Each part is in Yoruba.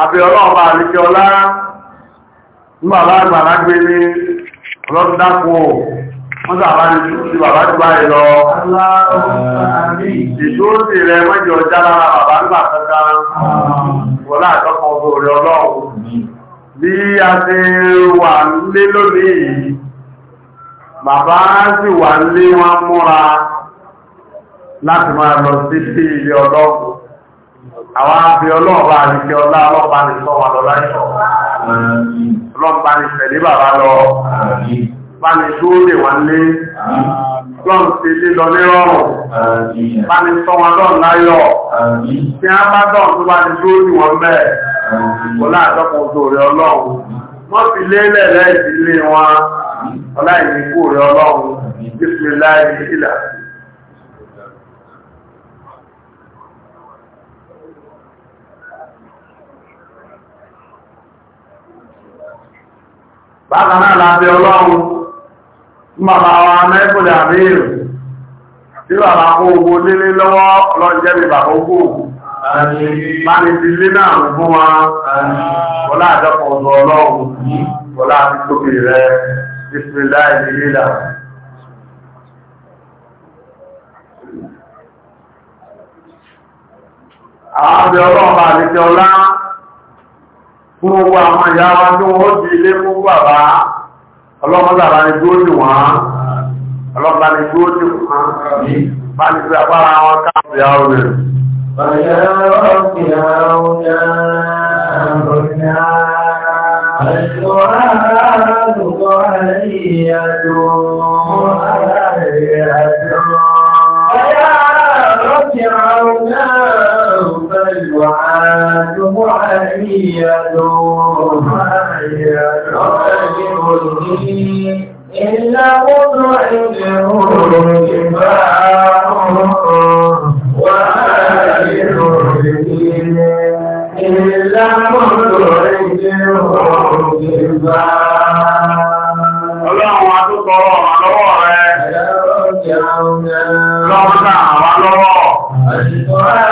àbí ọlọ́ọ̀bá àríkẹ́ ọlá ní bàbá àgbà lágbé ní ọlọ́dúndápò wọ́n sàbá ní ṣúṣí bàbá ti báyìí lọ ìṣóòsì rẹ mẹ́jọ já lára bàbá nígbà kankan wọ́lá àtọ́kọ̀ orí ọlọ́run bí a ti wà nílé lónìí bàbá sì wà nílé wọn àwọn abẹ ọlọ́ọ̀bá àríkẹ́ ọlá ọlọ́pàá ní sọ́wọ́ lọ láìsọ̀ ọlọ́pàá ní tẹ̀lé bàbá lọ bá ní dúró lè wà lé lọ́n ti lé lọ ní rọrùn bá ní sọ́wọ́ lọ́n láyọ̀ tí a bá dọ̀ tó bá ní dúró ní wọn bẹ́ẹ̀ kò láàtọ́kùn ojú rẹ̀ ọlọ́run wọ́n fi lé lẹ́lẹ́ ìdílé wọn ọlá ìdíkù rẹ̀ ọlọ́run bísí bákan náà láti ọlọ́run bàbá wa mẹ́kùnlẹ̀ àbíyèrè tí bàbá kó ogun délé lọ́wọ́ ọlọ́jẹ́bì bàbá ogun báni ti lé náà fún wa bọ́lá àjọpọ̀ ọ̀dọ̀ ọlọ́run bọ́lá àti tóbi rẹ̀ bismillah ìdílé àwọn ọlọ́run àti ọlá fún owó àwọn ìyá wa tí wọ́n di ilé fún bàbá ọlọ́mọdàbà ni dúró dì wọ́n ọlọ́mọdà ni dúró dì wọ́n bá ní fi wọn káàkiri àwọn rẹ̀. معيد معيد إلا مطعمه جباعه وآله إلا مطعمه جباعه Ọlọ́run wa tó kọrọ àlọ́wọ́ rẹ̀. Ẹ̀rọ ìjẹun náà. Lọ́pàá àwálọ́wọ́. Àṣìkò rẹ̀.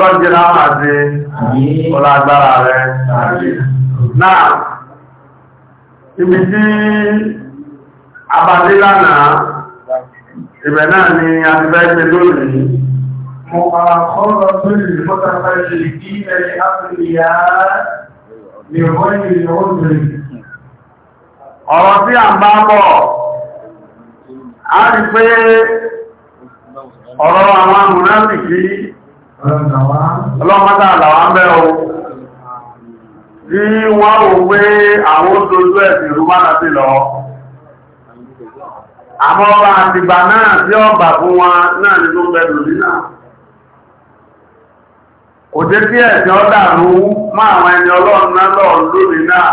ọlọ́run jẹ́ náà máa ṣe ọlágbára rẹ̀ náà ibi tí abadé lánàá ibẹ̀ náà ni a ti fẹ́ ṣe lónìí mo máa kọ́rọ̀ tó lè fọ́tàfẹ́ ṣe kí ẹni áfìlìyà lè wọ́n ìrìn òmìnir ọ̀rọ̀ tí a ń bá bọ̀ a rí pé ọ̀rọ̀ àwọn amúnáfìkì ọlọ́pàá àlàwà mẹ́ o bí wọ́n ò pé àwọn oṣooṣù ẹ̀sìn ìrú máa sí lọ àmọ́ ọba àtìgbà náà tí ọba fún wa náà ni tó bẹ̀rù nínà kò jẹ́ ẹ̀sìn àwọn ẹni ọlọ́run náà lọ lónìí náà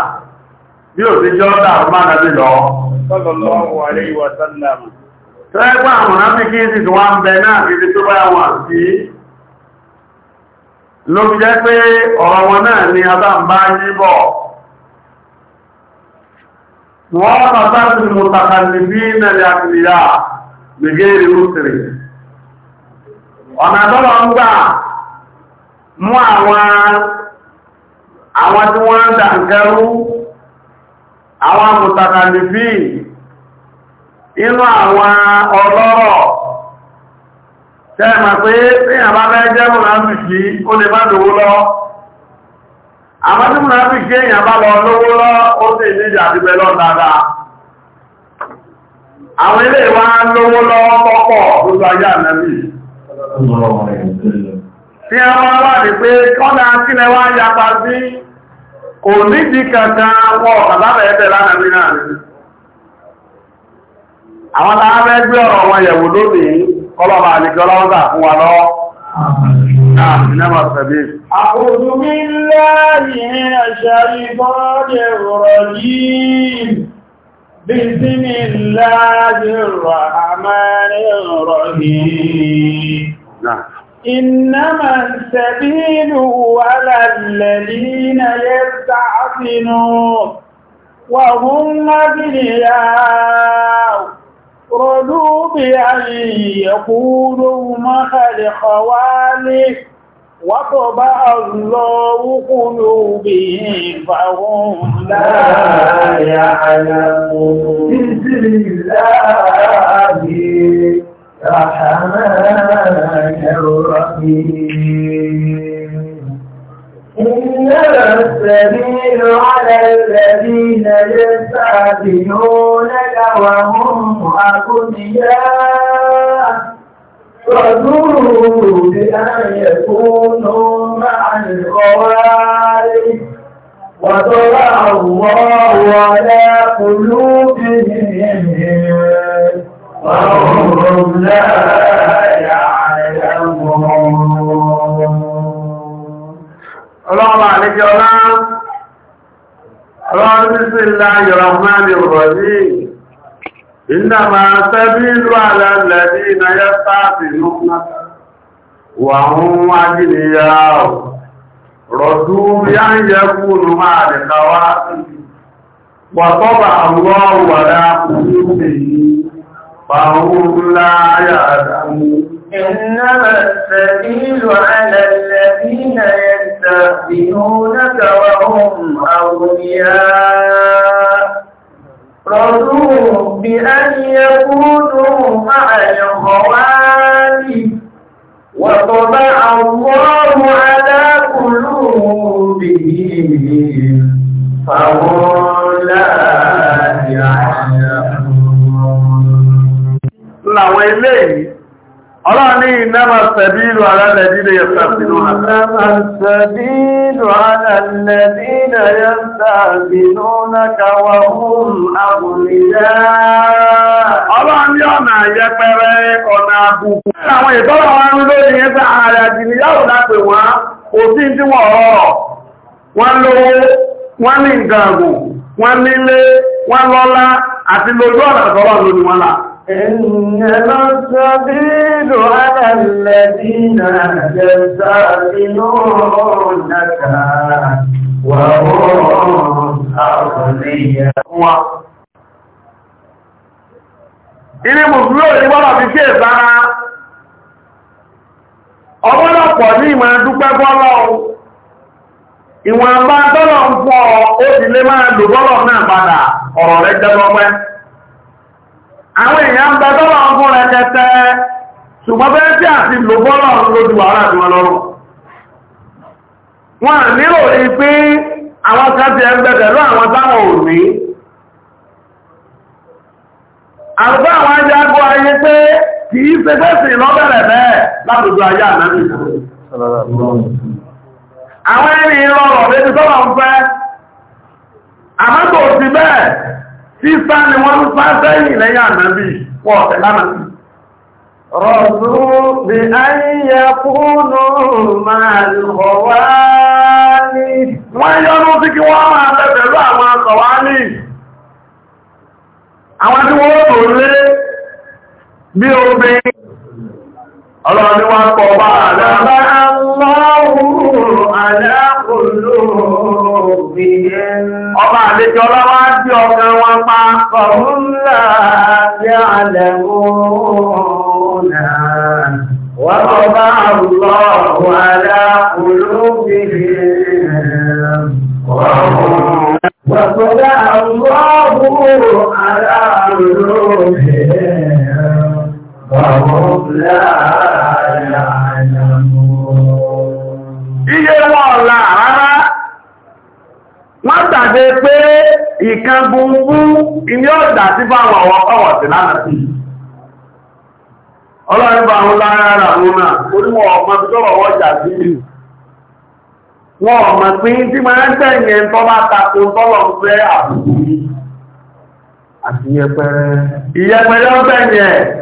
bí ò sí jẹ́ máa lọ ló fi jẹ́ pé ọ̀rọ̀ wọn náà ni abáǹbá yíbọ̀ wọ́n bàbá sí mùtàkàlìbí nàlẹ́ àtìlìyà gbègéèrè òsèrè ọ̀nà tọ́lọ ń gbà mú àwọn àwọn tí wọ́n ń dàǹkẹ́rú àwọn mùtàkàlìbí inú àwọn ọlọ́rọ̀ tẹ́ẹ̀mà pé èèyàn bá bẹ́ jẹ́ mùnàfíkì ó lè bá lówó lọ àmọ́ tí mùnàfíkì bá lọ lówó lọ ó sì ní ìjàdìbẹ̀ lọ dáadáa àwọn ilé wa lówó lọ pọ́pọ̀ lóṣù ayé ànábì tí a wá wà ní pé kọ́nà wá yapa sí kò nídìí kankan wọ bàbá náà ni àwọn gbé ọ̀rọ̀ wọn yẹ̀wò lónìí kọlọ́bà àdìkọ́ lọ́wọ́ta fún wa lọ́wọ́ أعوذ بالله من الشيطان الرجيم بسم الله الرحمن الرحيم إنما السبيل على الذين يستعصنون وهم أبنياء رضوا بأن يقولوا مهل خوالف وطبع الله قلوبهم فهم لا يعلمون بسم الله الرحمن الرحيم إنما السبيل على الذين يستعبدونك وهم أغنياء رضوا بأن يكونوا مع الخوارج وطلع الله على قلوبهم وهم لا يعلمون àlejò ọlá ọlọ́run bísí ńlá yọ̀rọ̀mánì rọ̀lì ìdàmà sẹ́bí ìlú àlẹ́lẹ́bí ìnáyẹ́ ya lókùnà wà hún ajínigbà rọ̀dú yá ń yẹ kúrò máa dẹ̀káwá wàtọ́bà àwọ́ wàrá kúrò إنما السبيل على الذين يستهزئونك وهم أولياء رضوا بأن يكونوا مع الخوالي وطبع الله على قلوبهم فهم لا يعلمون. Ọlọ́run ní ìnáma sẹ̀bílù alálẹ̀dínà yẹ̀sàbílù Ọlọ́run ní ọ̀nà àyẹpẹrẹ ọ̀nà àbùkù. Àwọn ìtọ́lọ̀ wọn ń lórí ẹgbẹ́ ààrẹ àjìnì yáò lápè wọ́n, tí ọrụ; rọ̀. Wọ́n lówó, wọ́n ní ìgbàgbò, wọ́n nílé, wọ́n lọ́lá àti lójú àtọ́lọ́ lónìí láà. إنما السبيل على الذين يستعملونك وهم أغنياء ilé mùsùlùmí ò ní gbọ́dọ̀ fi ṣe ìbára ọgbọ́dọ̀pọ̀ ní ìmọ̀ ẹ̀dúpẹ́ bọ́lọ̀ ìwọ̀n bá tọ́lọ̀ ń fọ́ ó sì lè máa lò bọ́lọ̀ náà padà ọ̀rọ̀ rẹ̀ jẹ́ lọ́pẹ́ àwọn èèyàn ń bẹ tọ́lọ̀ ń fún rẹkẹtẹ ṣùgbọ́n bẹ́ẹ̀ tí àti lò bọ́lọ̀ lójú wàhálà tí wọ́n lọ́rùn wọn nílò rí pé àwọn kan ti ẹgbẹ́ pẹ̀lú àwọn táwọn ò ní àwọn ajagun ayé pé kì í ṣe lọ́bẹ̀rẹ̀ bẹ́ẹ̀ látòjú ayé Sísá ni wọ́n ń sá sẹ́yìn lẹ́yìn ànábì pọ̀ ọ̀tẹ̀ lánàbì. Rọ̀sù bí ayé kúnnù máa lùkọ̀ wá ní. Wọ́n yọ́nú sí kí wọ́n máa bẹ̀ pẹ̀lú àwọn Àwọn tí wọ́n lé bí ọlọ́run ní wọ́n kọ wá àdáàbá ọba àlejò ọlọ́wọ́ bí ọkàn wọn pa ọ̀hún láàárín àlẹ́ òun náà وَطَبَعَ اللَّهُ عَلَى قُلُوبِهِمْ وَطَبَعَ اللَّهُ عَلَى قُلُوبِهِمْ وَهُمْ ihe يعلمون Iye wọn ọ̀la rárá, wọ́n tàbí pé ìkan gbogbo ilé ọ̀dà tí bá wà wọ́n ọwọ̀ sí lánàá sí. Ọlọ́rin bá wọn lára rà wọn ọwọ oníwọ̀ ọmọ pín tí máa ń tẹ̀yẹn tọ́ bá takò tọ́lọ̀ àbùkù Àti Ìyẹpẹrẹ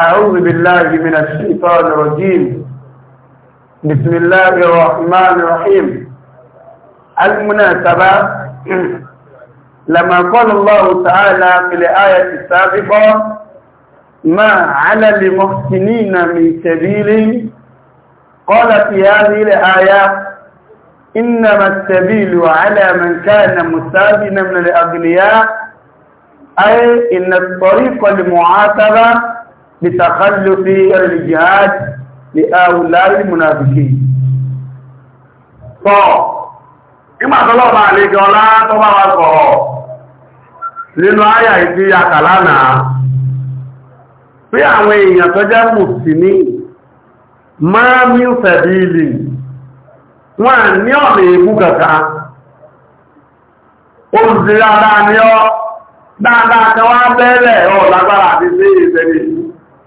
أعوذ بالله من الشيطان الرجيم بسم الله الرحمن الرحيم المناسبة لما قال الله تعالى في الآية السابقة ما على المحسنين من سبيل قال في هذه الآية إنما السبيل على من كان مستاذنا من الأغنياء أي إن الطريق المعاتبة لتخلف الجهاد لأولى المنافقين طب إما صلوة عليك ولا طبع والقرار nínú àyà ìdí àkàlánà pé àwọn èèyàn tó jẹ́ mùsùlùmí máa mí fẹ̀bí ilì wọ́n ní ọ̀nà èébú kàkà olùsílára ní ọ dáadáa kan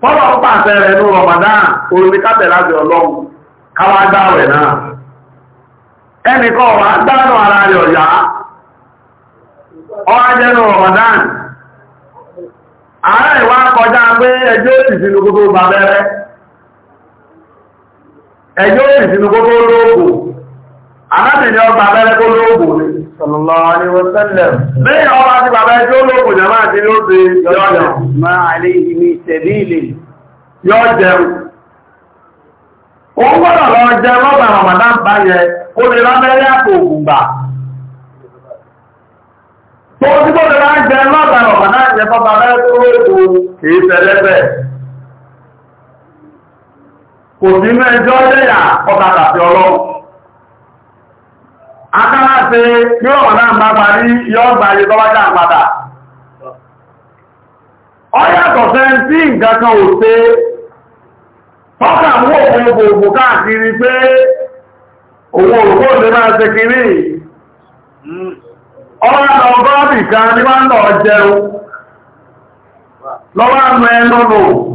Fọ́lọ̀ ń pàṣẹ rẹ̀ ní Ramadan, orí n'azụ láti ọlọ́run, káwà dáwẹ̀ náà. wà ara rẹ̀ ọ̀yá, ọwá jẹ́ ní Ààrẹ ìwá kọjá pé ẹjọ́ òsìsì gbogbo bàbẹ́rẹ́, ẹjọ́ gbogbo lóògùn, Sallallahu alaihi wa sallam. Lẹ́yìn ọba bàbá ẹjọ́ olóògùn jàmá àti ló ṣe yọ́jẹun. Máa O ìmí ìṣẹ̀bílì. Yọ́jẹun. Ó gbọ́dọ̀ lọ jẹ lọ́gbà Ramadan bá yẹ, ó lè lábẹ́rẹ́ àpò ògùn gbà. Tó ti akara yóò wọ̀n náà bá parí yóò gbà yìí tọ́wọ́ jà padà fẹ́ tí nǹkan kan ò ṣe tọ́kà okpomọkụ òun gbogbo káàkiri pé owó òkú òde máa ṣe kiri ọwọ́ ọgọ́rùn-ún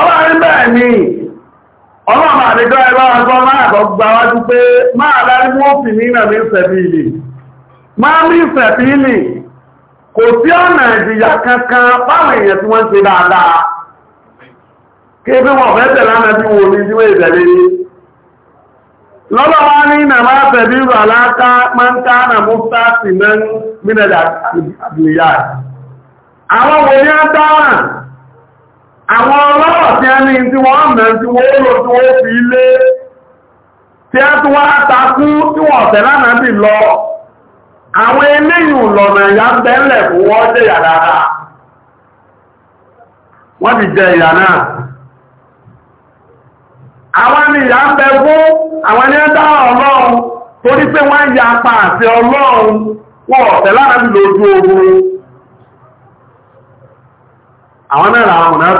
ọlọ́rin bẹ́ẹ̀ ni ọlọ́run àdìjọ́ ẹgbẹ́ ọjọ́ máa kọ́ gba wájú pé máa lárí mú òfin ní ìnà ní ìsẹ̀bílì máa ní ìsẹ̀bílì kò sí ọ̀nà ìjìyà kankan fáwọn èèyàn tí wọ́n ṣe dáadáa kí bí wọ́n fẹ́ tẹ̀lé àmì bí wọ́n ní ìdíwé ìtẹ̀lé lọ́lọ́ wá ní ìnà máa fẹ̀bí rọ̀ aláta máa ń ká ànà mú sáàsì mẹ́rin mílẹ̀ àwọn wòye dáhàn àwọn ọlọ́rọ̀ tí a ní tí wọ́n mẹ́ tí wọ́n lò tí wọ́n fi ilé tí a tí wọ́n takú tí wọ́n tẹ̀ lánàá bì lọ àwọn eléyìn lọ́nà ìyá bẹ́ẹ̀lẹ̀ fún wọ́n jẹ́ ìyà dáadáa wọ́n ti jẹ ìyà náà àwọn ni ìyà ń bẹ fún àwọn ẹni dá ọlọ́run torí ya àti ọlọ́run àwọn náà làwọn ọmọ náà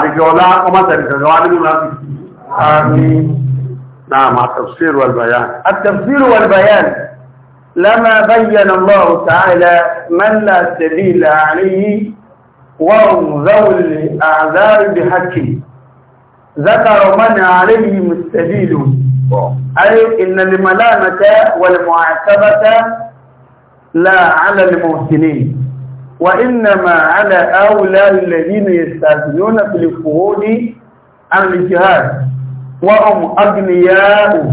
fi ti ọlá ọmọ́sẹ̀lẹ̀sẹ̀lẹ̀ wá التفسير والبيان لما بين الله تعالى من لا سبيل عليه وهم الأعذار بحكي ذكر من عليهم السبيل أي إن الملامة والمعاتبة لا على المحسنين وَإِنَّمَا عَلَى أولى الَّذِينَ يستاذنون فِي الفهود عن الجهاد وهم أغنياء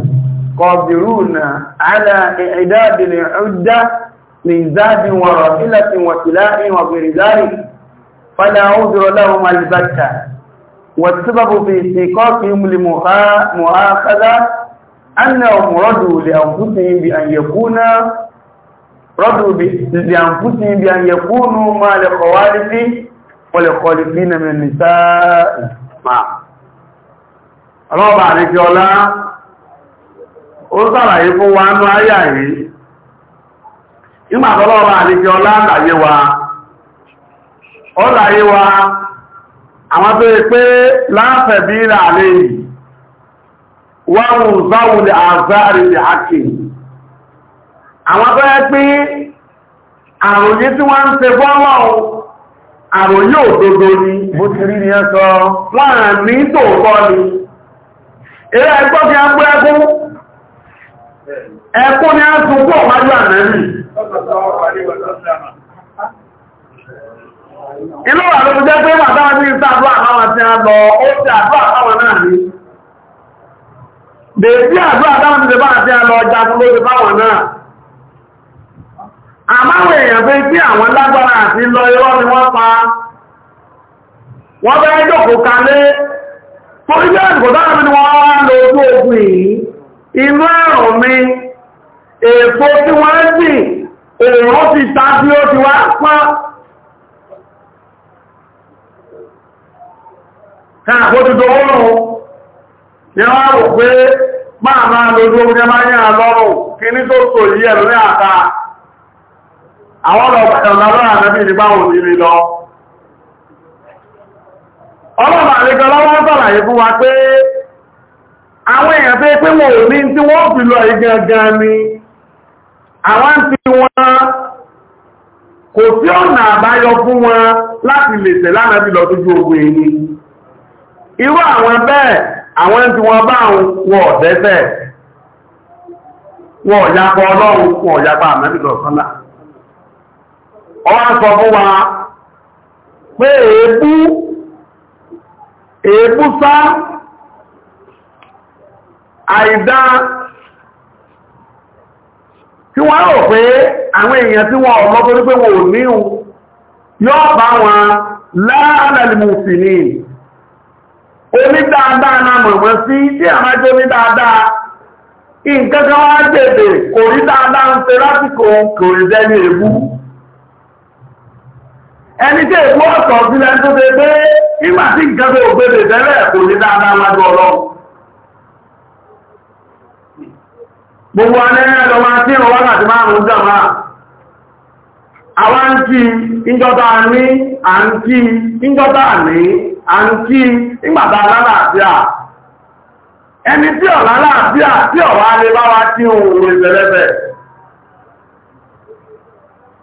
قادرون على إعداد العدة من زاد وراحلة وسلاء وغير ذلك فلا عذر لهم البتة والسبب في استيقاظهم لمؤاخذة أنهم ردوا لأنفسهم بأن يكون رضوا بأنفسهم بأن يكونوا مع الخوالف والخالفين من النساء ما رابع عليك ولا وصلى يكون وانو آيائي ìmọ̀ àtọ́lọ́wọ́ àlejò ọláàlàyé wa ọláyé wa àwọn tó yẹ pé láàfẹ́ bí ìrà àlè yìí wọ́n ń záwùlẹ̀ àzáàrí àkìí àwọn abẹ́rẹ́ pé àròyé tí wọ́n ń ṣe fọ́lọ́ àròyé òdodo ni bó ti rí ni ẹ́ sọ láàrín ní tòótọ́ ni eré ẹgbọ́ fi á gbé ẹkún ẹkún ni á tún pọ̀ wájú ànẹ́rì inú wà ló jẹ́ pé bàbá ní ìsàdó àbáwọn tí a lọ ó ti àdó náà ní bèèdí ti bá àti àlọ ọjà ló ti àmáwọn èèyàn fẹ́ tí àwọn lágbára àti lọ irọ́ ni wọ́n pa wọ́n bẹ́ẹ̀ jòkó kalé tó ilé ẹ̀kọ́ ni wọ́n wá lọ ojú ogun yìí inú ẹ̀rọ mi èso tí wọ́n sì ti ta bí ó ti wá káàkó ti tó wọ́rùn ni wọ́n rò pé máa máa lójú ogun jẹ́ máa yẹ́ àlọ́rùn kí ní tó ní àwọn ọ̀pẹ̀lẹ̀ lábára àmẹ́bí ìrìbáwọn òmìnirí lọ ọlọ́pàá àríkọ lọ́wọ́ sọ̀làyé fún wa pé àwọn èèyàn pé pé wọ́n ò ní tí wọ́n fi lọ ni àwọn tí wọ́n kò sí ọ̀nà àbáyọ fún wọn láti lè tẹ̀ àmẹ́bí lọ tọ́jú ogun èyí ọwá sọ fún wa pé èébú èébú sá àìdá tí wọ́n rò pé àwọn èèyàn tí wọ́n ọmọ tó ní pé wọ́n ò níhun yóò bá wọn láàrẹ̀lìmù sí ní onídáadáa na mọ̀mọ̀ sí tí a máa jẹ́ onídáadáa nǹkan kan wá jẹ́ èdè kò rí dáadáa ń ṣe lásìkò kò rí jẹ́ ní èébú ẹni tí èkó ọ̀sọ̀ sílẹ̀ tó ṣe pé nígbà tí nǹkan tó gbèrè tẹ́lẹ̀ kò ní dáadáa ọlọ́run gbogbo alẹ́rẹ́ lọ máa tí ìrọ̀ wákàtí márùn-ún jàmá ìjọba ìjọba ìgbàta lálàáfíà ẹni tí tí ọ̀wá lè bá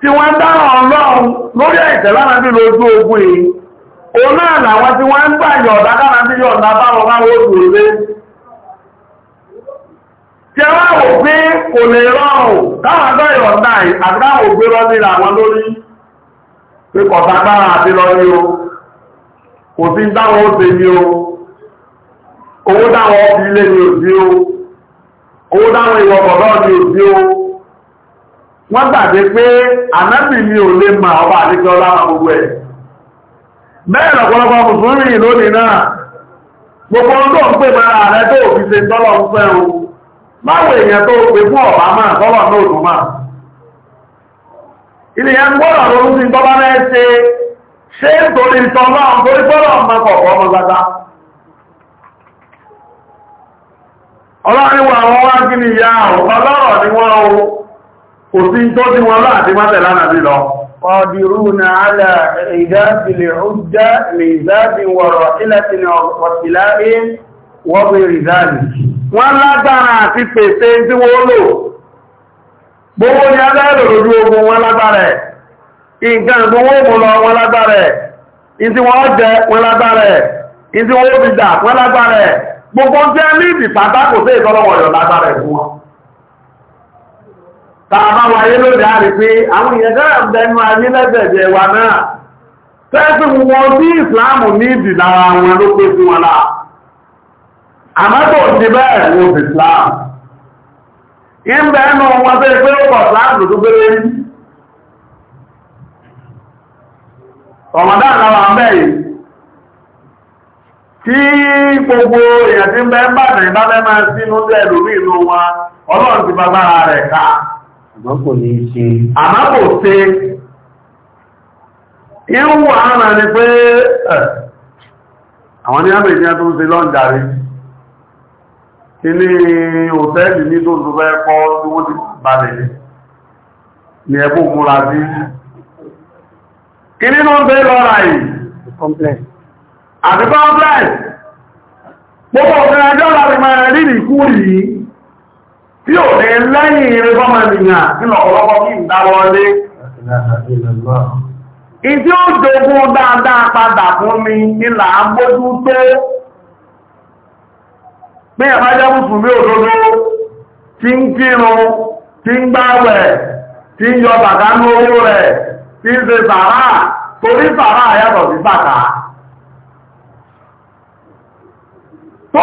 tí wọ́n dára ọlọ́run lórí ẹ̀tẹ̀ lánàbí lójú ogun èyí o náà làwọn tí wọ́n ń gbà yọ̀ọ̀dá lánàbí báwọn báwọn tí a wáwò pé kò lè rọrùn dáwọn o ṣe o wọ́n gbàgbé pé ànábì ole ò lè máa ọba àdíkẹ́ ọlá gbogbo ẹ̀ bẹ́ẹ̀ lọ́pọ̀lọpọ̀ mùsùlùmí lónìí náà gbogbo tó ń pè mara rẹ tó fi ṣe tọ́lọ̀ ń fẹ́ o máwò èèyàn tó pè fún ọ̀bá máa tọ́lọ̀ náà tó máa ilé yẹn gbọ́dọ̀ náà ṣe ṣé nítorí nítorí òsí tó dí wọn láti mọ́tẹ̀lá nàbí lọ. na ala ìdáfilè ọjá lè záàbí wọ̀rọ̀ ìlàtìnà ọ̀pìlárí wọ́bí ìzáàbí. Wọ́n lágbára àti pèsè tí wọ́n lò. Gbogbo ni adáyẹ̀lò lójú ogun wọn ya. wọ́n jẹ tàbá wáyé lóde àrí pé àwọn èèyàn dára bẹnu anílẹ́gbẹ̀ẹ́jẹ̀ wa náà tẹ́sí wọn bí ìsìláàmù ní ìdì lára wọn ló pé wọn láà àmọ́tò ti bẹ́ẹ̀ wo bí ìsìláàmù ìbẹ̀ ẹnu wọn bẹ́ẹ̀ pé ó pọ̀ ìsìláàmù tó ní ọ̀mọ̀dá tí gbogbo èèyàn ti ń bẹ́ẹ̀ máa sínú lẹ́ẹ̀lú wọn ọlọ́run ti àmọ́ kò ní ṣe àmọ́ kò ṣe ìwọ̀ ara ni pé àwọn ní àmì ìjẹ́ tó ń ṣe lọ́njàrí kí ní òtẹ́ẹ̀lì ní tó tó fẹ́ kọ́ tí wọ́n ti balẹ̀ ní ẹgbó múra sí kí nínú ń bẹ́ lọ́ra yìí àti complex gbogbo ọ̀fẹ́ ẹjọ́ láti máa rí ìkú yìí tí ò ní lẹ́yìn irin bọ́mọ ènìyàn nínú ọ̀pọ̀lọpọ̀ kí ń dáwọlé. Ìdí ó jogún dáadáa padà fún mi nílà agbójú tó. Bí ẹ̀fà jẹ́ mùsùlùmí òdodo, tí ń kírun, tí ń gbáwẹ̀, tí ń yọ bàtà ní owó rẹ̀, tí ń ṣe torí sí bàtà. Tó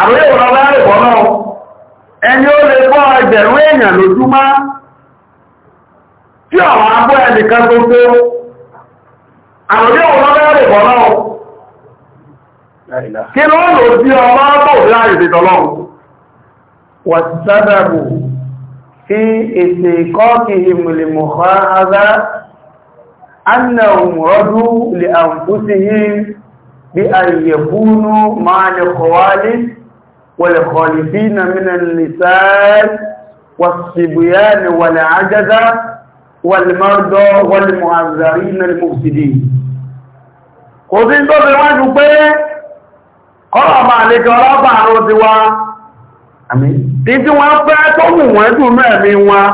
àwọn ìwọ̀n ọba ẹ̀kọ́ náà ẹni ó lè gbọ́ ẹgbẹ̀rún èèyàn lójúmọ́ tí àwọn abọ́ ẹnìkan tó tó àwọn ìwọ̀n ọba ẹ̀kọ́ náà kí ló lò sí ọba tó rí àyèdè tọ́lọ́run wàtàdàbù fi ètè kọ́kì ìmìlìmọ̀kọ́ azá annahum والخالفين من اللسان والصبيان والعجزة والمرضى والمعذرين المفسدين قوزين تو بي وان pe ọ̀rọ̀ ma le jo ọ̀rọ̀ ba ro ti wa àmín ti ti wọ́n fẹ́ tó mú wọn du me mi wọn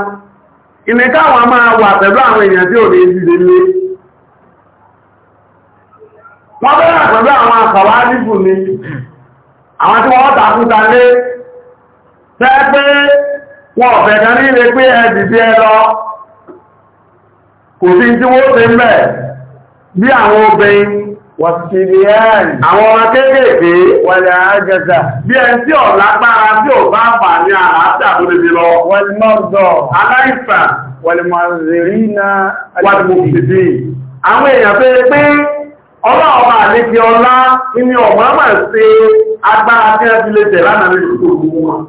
ine ka wọn ma wà pẹ̀lú àwọn èyàn tí ó lè si le wọ́n bẹ̀rẹ̀ pẹ̀lú àwọn akawalifu ni àwọn tí wọ́n tàkúta lé tẹ́ pé wọ́n ọ̀fẹ́ kan ní ilé pé ẹ̀dìdí ẹ lọ kò sí tí wọ́n fẹ́ mẹ́ bí àwọn obìnrin wàtíbíẹ́ẹ̀nì àwọn ọmọ kéékèèké wọlé àájẹta bí ẹn tí ọ̀ lágbára tí ò bá bà ní àlàáfíà tó lè fi lọ wọlé mọ́ọ̀dọ̀ aláìsàn wọlé mọ́ọ̀rẹ́rìnà wọlé mọ́ọ̀rẹ́rìnà àwọn èèyàn fẹ́ pé ọlọ́ọ̀bá àlejò ọlá ní ọ̀gbọ́n àmà ṣe agbára tí wọ́n fi lè tẹ̀ lánàá lórí wọn.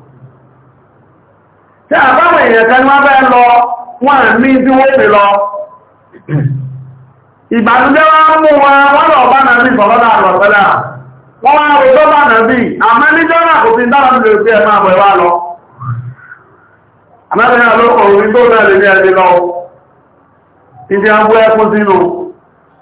tí àbáwọn èèyàn kan wọ́n bẹ́ẹ̀ lọ wọ́n ní bí wọ́n fi lọ. ìbànújẹ́ wọn mú wọn wọ́n lọ bá wá bá àmọ́ níjọ́ náà kò fi dára nílò máa bọ̀ wá lọ. àmọ́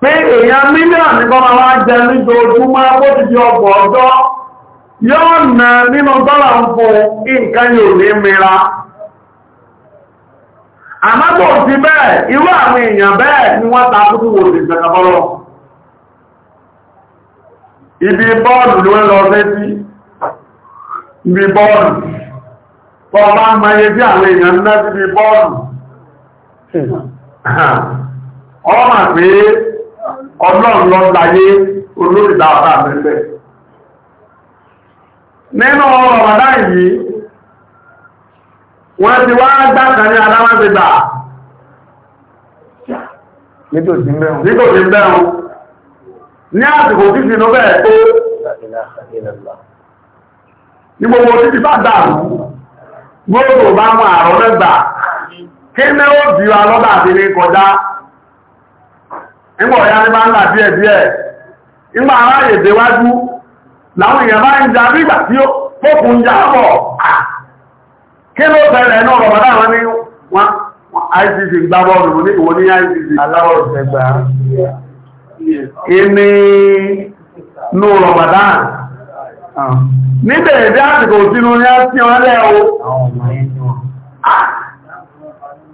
pé èèyàn mílíọ̀nù kan máa wá jẹ lójoojúmọ́ bó ti di ọgbọ̀ ọjọ́ yóò nà nínú dọ́là ń fún nǹkan yóò ní mìíra àmọ́bò ti bẹ́ẹ̀ irú àwọn èèyàn bẹ́ẹ̀ ni wọ́n ta wò ibi bọ́ọ̀lù ló ń lọ ibi bọ́ọ̀lù bá ń àwọn èèyàn ọlọ́run lọ láyé olórí dáadáa mẹ́lẹ̀ nínú ọ̀rọ̀dá yìí wọ́n ti wá gbáka ní adámágbègbà nítòsí mẹ́rún ní àsìkò títí inú bẹ́ẹ̀ tó ní gbogbo títí bá dàrú gbogbo bá mọ àrọ́ mẹ́gbà kí ní ó bí wa lọ́dà sí ní kọjá nígbà ya ní máa ń là díẹ̀ díẹ̀ nígbà aráyè déwájú làwọn èèyàn bá ń ja bí ìgbà tí ó fókun ń ja kí ló bẹ̀rẹ̀ náà rọ̀mọ̀dá wọn ní wọn ICC gbá bọ́ọ̀lù ní ìwò ní ICC aláwọ̀ ìfẹ́gbà ìní ní rọ̀mọ̀dá níbẹ̀ èdè àsìkò ní á sí ọlẹ́ o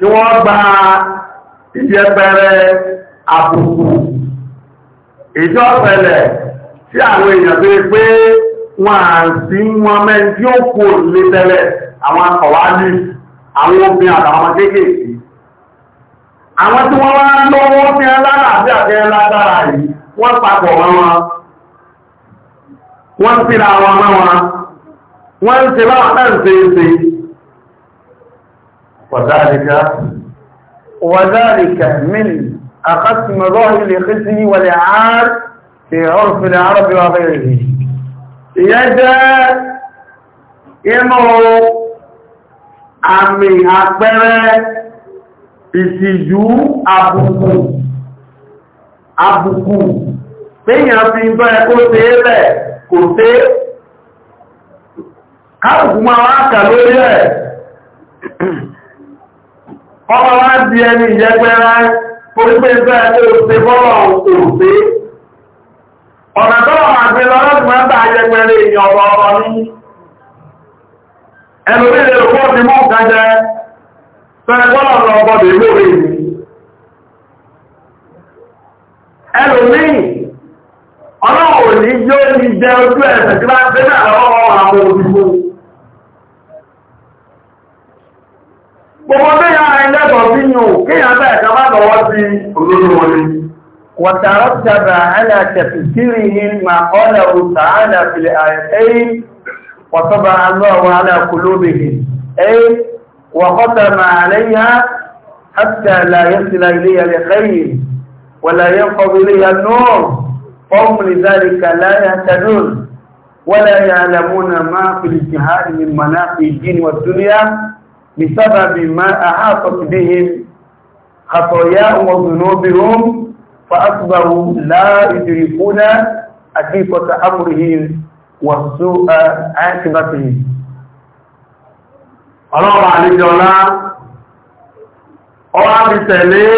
kí wọ́n gba ìyẹpẹrẹ àbùkù ìjọ tí àwọn èèyàn tó pé wọ́n à ń sí wọn mẹ́rin kò lè tẹ́lẹ̀ àwọn akọ̀wá àwọn obìnrin àtàwọn kéékèèké àwọn tí wọ́n wá ní wọ́n papọ̀ wọn وذلك وذلك من أخذ مظاهر الخزي والعار في عرف العرب وغيره يدا إمو àmì àpẹẹrẹ ìsìjú àbùkù àbùkù péyàn fi bọ́ ẹkó tẹ́ rẹ̀ kò tẹ́ káàkùn máa wá kà lórí ẹ̀ ọmọ wá di ẹni ìyẹ́gbẹ́rá orípẹ́sẹ́ òṣè bọ́lọ̀ òṣè ọ̀nà tọ́lọ̀ àti lọ́lọ́dún máa bá ayẹgbẹ̀rẹ̀ èèyàn ọ̀rọ̀ ọ̀rọ̀ ní ẹlòmílẹ̀ òkú ti mú kájẹ fẹ́ bọ́lọ̀ lọ́gbọ́dẹ̀ lórí ẹlòmíì ọlọ́wọ̀ ní yóò ní jẹ ojú ẹ̀sẹ̀ tí وترتب على تفسيرهم ما قاله تعالى في الآيتين وطبع الله على قلوبهم أي وختم عليها حتى لا يصل إليها لخير ولا ينقض إليها النور فهم لذلك لا يهتدون ولا يعلمون ما في الاجتهاد من منافع الدين والدنيا بسبب ما أحاطت بهم خطاياهم وذنوبهم فأصبحوا لا يدركون حقيقة أمرهم وسوء عاقبتهم ọlọ́pàá àlejọ́lá ọwá ti tẹ̀lé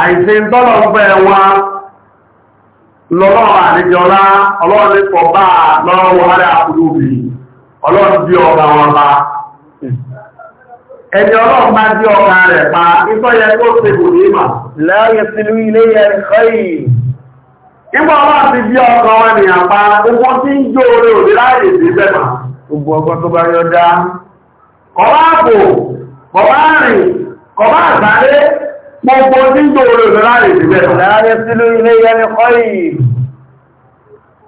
àìsí tọ́lọ̀gbẹ́ wọn lọ́lọ́pàá àlejọ́lá ọlọ́pàá lè pọ̀ bá àkúrò bí ọba wọn bá ẹni ọlọ́run bá dí ọkà rẹ̀ pa ikọ́ yẹ kó ṣe kò ní mà. láàyè sílú ilé yẹ kọ́ yìí. nígbà wọn ti dí ọkà wọn nìyàn pa gbogbo tí ń jó orí òní láàyè sí bẹ́ẹ̀ gbogbo ọgbọ́n tó bá yọ dá. kọ́bá àpò kọ́bá rìn kọ́bá àgbáyé gbogbo tí ń jó orí òní láàyè sí bẹ́ẹ̀ láàyè sílú ilé yẹ kọ́ yìí.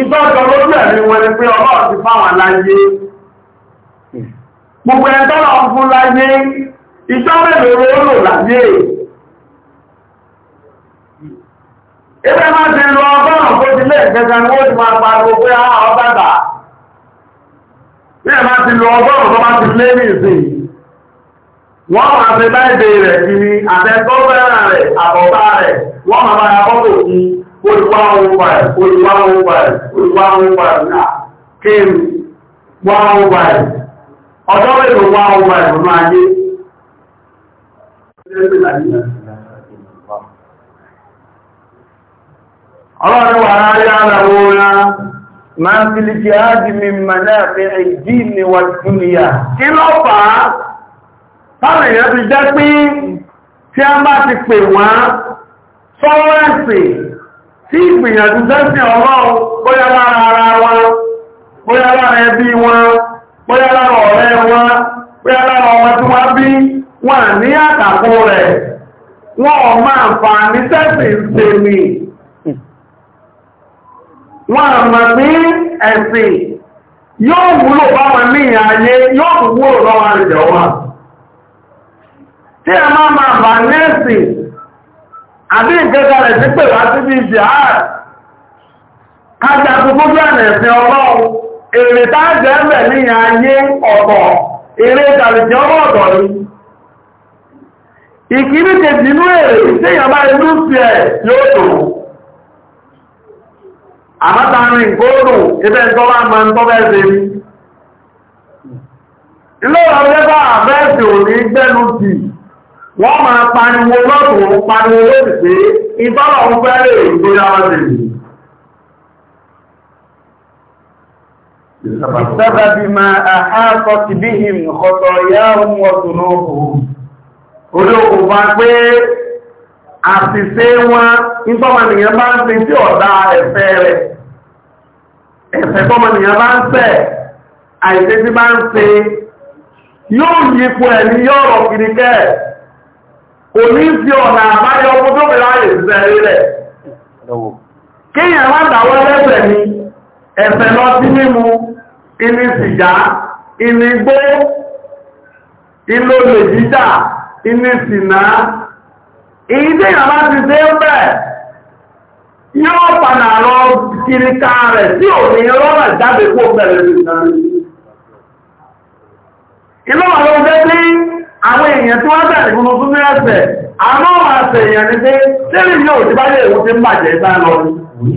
ìbá ọ̀tọ̀ ojú ẹ̀mí wọn pé ti fáwọn láyé gbogbo ẹ̀ fún láyé ìjọ mẹ́lòrò láyé ebe máa ti lọ ọgọ́rùn-ún kó ti lé ní ó ti máa ah, ọgbàgbà máa ti lọ ọgọ́rùn-ún tó máa ti lé ní ìsìn wọ́n máa fi láìdè rẹ̀ kiri rẹ̀ one over, only one over, only one over now. Came one over. Ọjọ́ wá wà máa ń jẹ́ mẹ́lẹ́ ni wà Kí ti jẹ́ pín tí a ti pè wọ́n sọ́wọ́ ẹ̀sìn tí ìgbìyànjú tẹ́sìn ọlọ́run bóyá lára ara wọn bóyá lára ẹbí wọn bóyá lára ọ̀rẹ́ wọn bóyá lára ọmọ tí wọ́n bí ní rẹ̀ wọ́n wọ́n ní ẹ̀sìn yóò wúlò báwọn ní yóò wúlò àbí ìgbẹ́ta rẹ̀ sí pè wá síbi jihad kájà gbogbo bí ọ̀nà ẹ̀sìn ọlọ́run èrè tá jẹ́ ẹ̀mẹ̀ ní ayé ọ̀tọ̀ èrè tàbí ọmọ ọ̀tọ̀ rí ìkíní kejì inú èrè tí ìyàmbá inú sí ẹ̀ yóò tó àmátàrin kóòrò ibẹ̀ tó bá máa ń tọ́ bẹ́ẹ̀ sí ilé ọ̀rẹ́ bá àbẹ́ẹ̀sì ò ní gbẹ́nu tìí wọ́n máa pariwo lọ́tùn pariwo lóṣù pé ìbára ń fẹ́ lè gbéra wọn lè rí. Ìsábàbí máa àhákọ́ ti bí i nǹkọ́tọ̀ ìyá ohun ọdún lóòrùn. Olóòkù bá pé àṣìṣe wọn ìtọ́mọnìyàn bá ń fi sí ọ̀dá ẹ̀fẹ́ rẹ̀. Ẹ̀fẹ́ tọ́mọnìyàn bá ń fẹ́ àìṣẹ́ tí bá ń ṣe yóò yípo ẹ̀mí yọ́rọ̀ kìrìkẹ́ òní fi ọ̀nà àbáyọ ọgbọ́dọ̀ bẹ̀rẹ̀ ààyè ìsẹ̀rí rẹ̀. kíyàn látàwọ́ lẹ́sẹ̀ ni ẹ̀fẹ̀ lọ sí mímu ìní sìgá ìní gbó ìlòlè jíjà ìní sìná èyí tí ìyàn bá ti dé ń bẹ̀ yóò padà lọ si rẹ̀ tí àwọn èèyàn tí wọ́n bẹ̀rẹ̀ fún ọdún mẹ́ẹ̀sẹ̀ àmọ́ ọmọ ẹ̀sẹ̀ èèyàn ní pé tẹ́lẹ̀ yóò ti bá lè ti ń bàjẹ́ ìbá lọ rí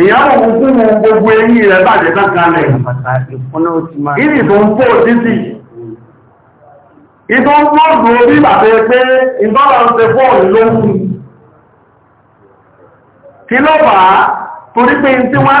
èèyàn mọ̀ mú fún un gbogbo eyín rẹ̀ bàjẹ́ tánkalẹ̀ ìdí tó ń pò títì ìtò ń pò dùn bí bàbẹ́ pé ìbára ń ṣe fọ́ọ̀lù lóhun kí ló bàá torí pé tí wọ́n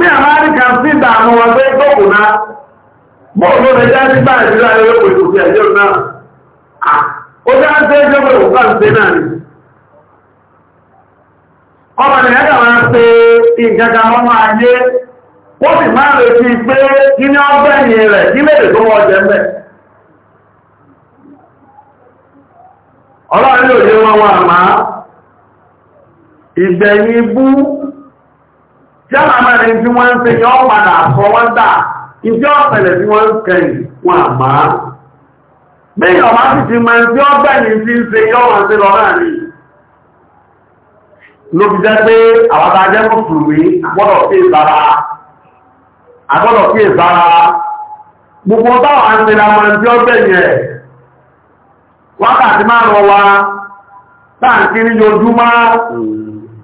pé na. sí ìdààmú wọn pé gbọ́kù náà bóòlù rẹ̀ já sí bá ìdílé ayé ló pèsè sí ẹjọ́ náà ó já ń tẹ́ ẹjọ́ pé òun bá ń tẹ́ náà ni ọmọ kà máa ṣe ìjẹta sì máa retí pé kí rẹ̀ kí lè tó wọ́n jẹ mẹ́ ọlọ́run ló yé wọn ìgbẹ̀yìn bú yálà náà ní tí wọ́n ń ṣe yọ́ padà sọ wọ́n dà ìdí ọ̀sẹ̀lẹ̀ tí wọ́n ń kẹ̀yìn wọn àmá bẹ́ẹ̀ ọ̀bá sì ti mọ tí ó bẹ̀yìn tí ń ṣe yọ́ wọn ṣe lọ náà ni ló fi jẹ́ pé mùsùlùmí àgbọ́dọ̀ sí ìsára àgbọ́dọ̀ sí ìsára gbogbo táwọn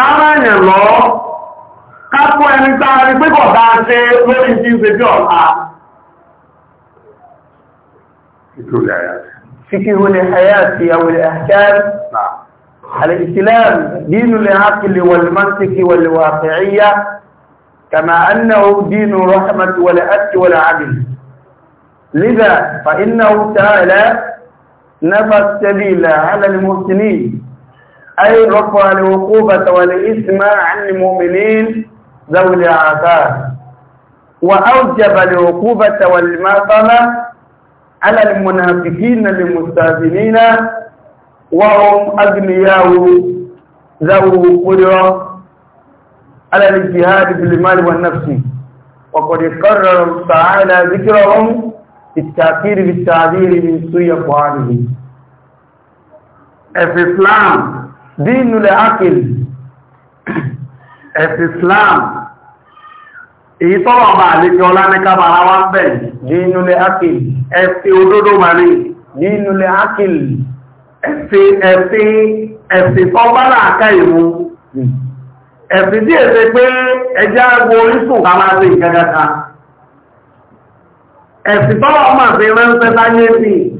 ká lọ ẹni bá ṣe lórí tí ń ṣe bí الحياة أو الأحكام الإسلام دين العقل والمنطق والواقعية كما أنه دين الرحمة والأسك والعدل لذا فإنه تعالى نفى السبيل على المحسنين أي رفع العقوبة والإثم عن المؤمنين ذوي العذاب وأوجب العقوبة والمعصمة على المنافقين المستاذنين وهم أغنياء ذوي القدرة على الجهاد بالمال والنفس وقد قرر تعالى ذكرهم بالتأكيد بالتعبير من سوء أفعالهم. الإسلام dínú lẹ̀ ákìlì ẹ̀sì islam èyí tọ́rọ ọmọ àlejò ọlá ní kábàrá wá ń bẹ̀ dínú lẹ̀ ákìlì ẹ̀sì òdodo mari dínú lẹ̀ ákìlì ẹ̀sì ẹ̀sì ẹ̀sì tọ́bára àká ìmú ẹ̀sì tí è ṣe pé ẹjá agbo orísun ká máa ṣe ìgagata ẹ̀sì tọ́rọ ọmọ àti ránṣẹ́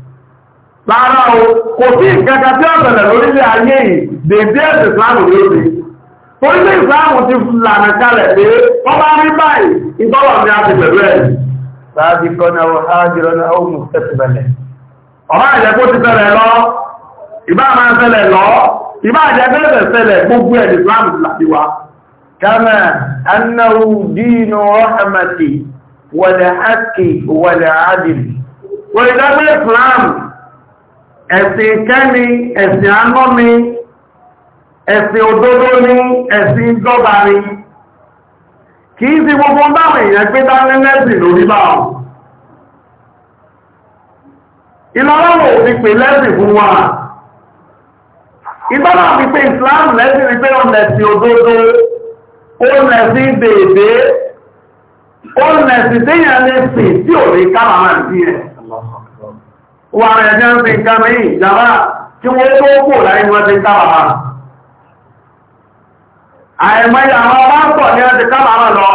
Lára o, kò sí ìkẹta tí ó bẹ̀rẹ̀ lórílẹ̀ ayé yìí, dèdé ẹ̀sì ìsìláàmù ló dé. Orílẹ̀ ìsìláàmù ti lànà kalẹ̀ pé wọ́n bá rí báyìí, ìtọ́lọ̀ ni a ti pẹ̀lú ẹ̀. Sáàbí kọ́nà ó hájúrọ́ náà ó mú tẹ́sì bẹ̀lẹ̀. Ọ̀rá ìjẹ́ kó ti bẹ̀rẹ̀ lọ, ìbá ẹ̀sìn kẹ́ni ẹ̀sìn aná ni ẹ̀sìn òdodo ni ẹ̀sìn ìjọba ni kì í sí gbogbo dáwọn èèyàn gbé dání lẹ́sìn lórí bá wọn ìlọ́lọ́wọ̀ òfin pè lẹ́sìn fún wa ìbára fi pé Islam lẹ́sìn rí pé ọ̀nẹ̀sìn òdodo ọ̀nẹ̀sìn bèbè ọ̀nẹ̀sìn téèyàn lè sìn tí ò ní kára máa ń ẹ̀ wà rẹ̀ ní ọ̀sẹ̀ nǹkan mẹ́yìn ìjàmbá wọ́n tó kò láyé wọ́n ti kábàbà àìmọye àwọn bá pọ̀ ní ọ̀sẹ̀ kábàbà lọ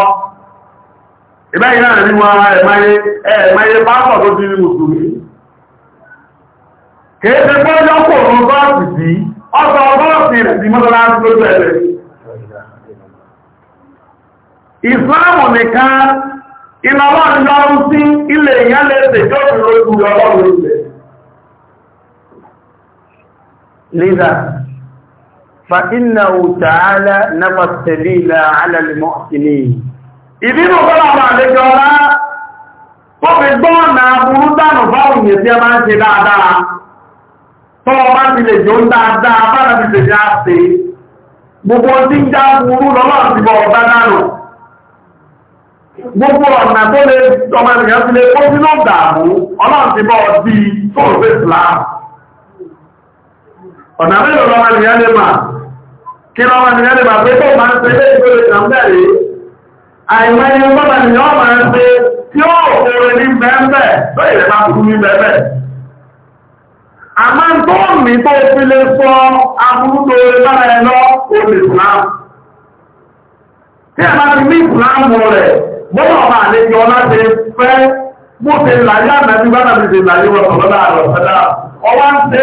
ìbẹ́yìn náà ní wọn àìmọye bá pọ̀ tó ti rí mùsùlùmí kìí ṣe bọ́ọ̀sì sí ọ̀sọ̀ bọ́ọ̀sì ìlàwọ̀ sí ilẹ̀ لذا فإنه تعالى نفى السبيل على المحسنين ìbínú fọ́lọ̀mà àlejò ọlá tó fi gbọ́ọ̀nà burú dánù fáwọn èèyàn tí a máa ń ṣe dáadáa tó wọ́n bá ti lè jò ń dáadáa bára ti lè já ṣe gbogbo tí ń já burú lọ́wọ́ ti bọ̀ ọ̀dá dánù gbogbo ọ̀nà tó lè ọmọ ènìyàn ti lè kó sínú dààmú ọlọ́run ti bọ̀ ọdí tó ń fẹ́ ọ̀nà mẹ́lẹ̀ lọ́wọ́ ni yẹn lè máa kí lọ́wọ́ ni yẹn lè máa pé tó máa ń pè lé ìgbèrè ìjàmbẹ̀rẹ̀ àìmọye bọ́bà ni yọ́ máa ń pè tí ó òfèrè ní bẹ́ẹ̀bẹ́ lóyè máa kú ní bẹ́ẹ̀bẹ́ àmọ́ tó mi tó fi lè sọ aburú tó lè bára ẹ lọ ó lè islam tí a máa fi ní islam rẹ̀ bọ́bà ọba àlejò ọlá ti fẹ́ bó ti láyé àmẹ́bí bá nàbí ti láyé wọ̀ sọ̀rọ̀ láàrọ̀ sẹ́dá ọwá ń ṣe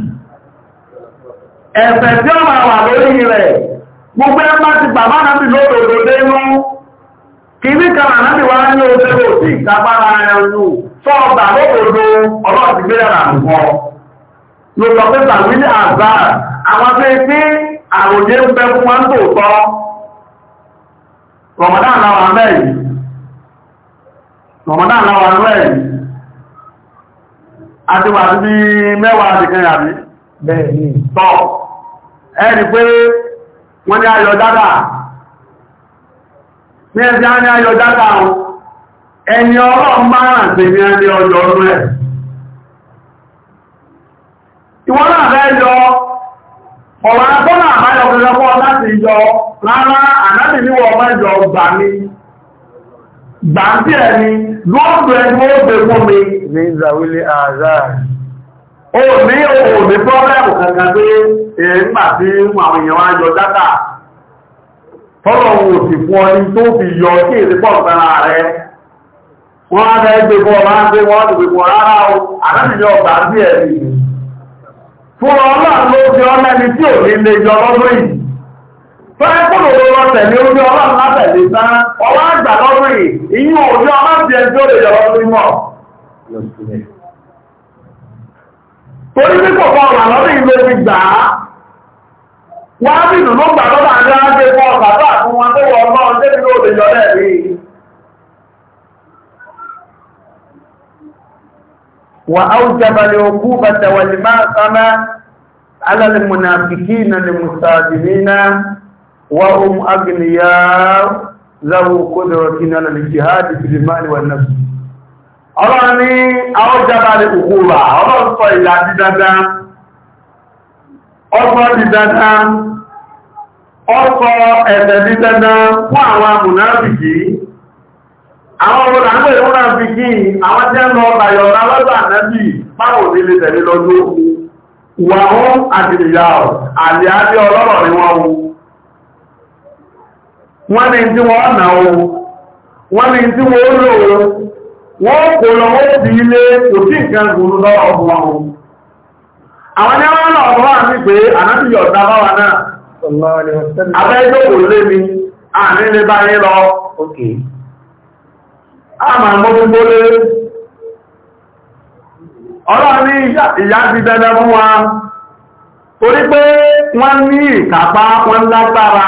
ẹ̀fẹ̀ tí ó máa wà lórí rẹ̀ gbogbo ẹ máa ti bàbá náàbì lóòdòdó dénú kìíní kàrà náàbì wá ní oṣèrò sí ìgbàgbára ẹnu tó ọgbà lóòdòdó ọlọ́ọ̀tí gbé pé sàwílì àzá àwọn tó ti àròyé ń bẹ fún wọn tòótọ́ bẹ́ẹ̀ ni tọ́ ẹni pé wọ́n ní ayọ̀ dára ní ẹ̀sẹ̀ á ní ayọ̀ dára ẹni ọlọ́run márùn-ún ní ẹni ọjọ́ ọdún ẹ̀ ìwọ́n náà fẹ́ yọ ọ̀rọ̀ agbọ́nà àbáyọ̀kọ̀lọ́pọ̀ láti yọ ẹni lóògbé ó ní òun ní pọ́blẹ́mù kankan pé èégbà tí àwọn èèyàn wá yọ dátà tọ́lọ̀ òun sì fún ọ ní tó fi yọ kí èdè pọ̀ sára rẹ wọ́n á fẹ́ gbé bọ́ máa gbé wọ́n ti rárá o àdájìyọ ọgbà sí ẹ̀rí fún ọlọ́run ló fi ọ tí ò ní lè yọ lọ́dún yìí kúrò lọ tẹ̀lé ọlọ́run látẹ̀lé tán lọ́dún yìí torí ní kò fọ ọ̀rọ̀ lọ́dún ìlú ti gbà á wọ́n á sì dùnú gbà tó bá ń dá ṣe fún wọn tó wọ ọgbọ́n débi ló lè lọ wà á jábàlẹ̀ òkú bàtà lè máa sáná alálẹ̀ ọlọ́run ní àwọ́jábà ní kòkó rà ọlọ́run sọ ìyà di dandan ọsọ di dandan ọsọ ẹ̀sẹ̀ di dandan fún àwọn amùnáfìkì àwọn olùdàgbẹ̀ ìmúnáfìkì àwọn jẹ́ lọ ọ̀tàyọ̀ ọlọ́rọ̀ náà wọ́n kò lọ wọ́n sí ilé kò sí nǹkan gùn lọ́wọ́ ọmọ ọmọ àwọn ní wọ́n lọ ọ̀rọ̀ àmì pé bá wa náà abẹ́jọ́ kò lé mi àní lè bá yín lọ àmà mọ́gbogbo lé ọ̀rọ̀ ní ìyá ti dẹ́dẹ́ fún wa torí pé wọ́n ní ìkàpá lágbára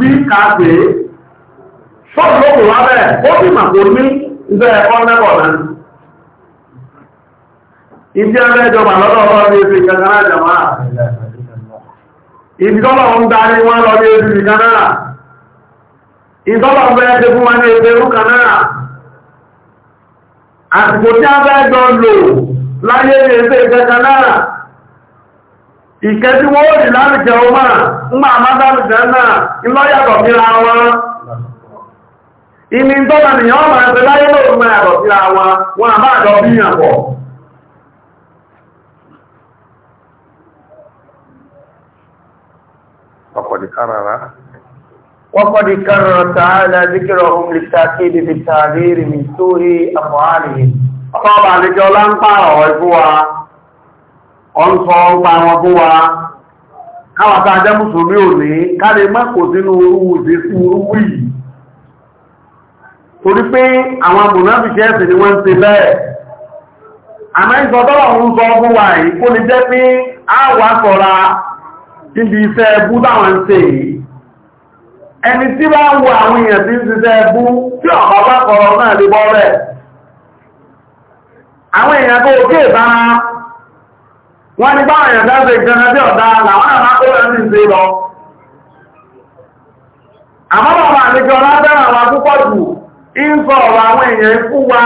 bí kàgbé fọ́ọ̀lù ló kù wá bẹ́ẹ̀ ó sì mà kó ní ìgbẹ́ ẹ̀kọ́ mẹ́kọ̀ọ́ náà ìdí ẹgbẹ́ ìjọba lọ́dọ̀ ọ̀rọ̀ ní ebi kankan àjàmá ìdíkọ́lọ̀ ń darí wọn lọ ní ebi kankan ìdọ́lọ̀ ń bẹ́ẹ̀ ṣe fún wọn ní ebi kankan náà àsìkò tí a bẹ́ẹ̀ jọ lò láyé ní ebi kankan náà ìkẹ́ tí wọ́n rí lárìjẹ ọmọ ńgbà àmádàrìjẹ náà ìlọ́yàtọ̀ síra wọn ìní tọ́lá nìyàn ọmọ ẹgbẹ́ láyé lóòrùn mẹ́yàtọ̀ síra wọn wọn àbá àjọ bí pọ̀ وقد كرر تعالى ذكرهم للتأكيد ọ̀nsọ̀ ọgbà wọn wa káwàtà ajẹ́ mùsùlùmí ò ní káre mọ́kò sínú orúwùdí sí orúwù yìí torí pé àwọn amùnáfíṣẹ́ ẹ̀sìn ni wọ́n ń bẹ́ẹ̀ àmẹ́sọ̀ a wà sọ̀ra níbi ẹni tí bá wo àwọn èèyàn tí ń wọ́n ní báwọn èèyàn dáṣe ìjọba tí ọ̀dá làwọn àmà tó lọ sí lọ. àmọ́ bàbá àlejò ọlábẹ́rẹ̀ àwọn púpọ̀ jù ń sọ ọ̀rọ̀ àwọn èèyàn fún wa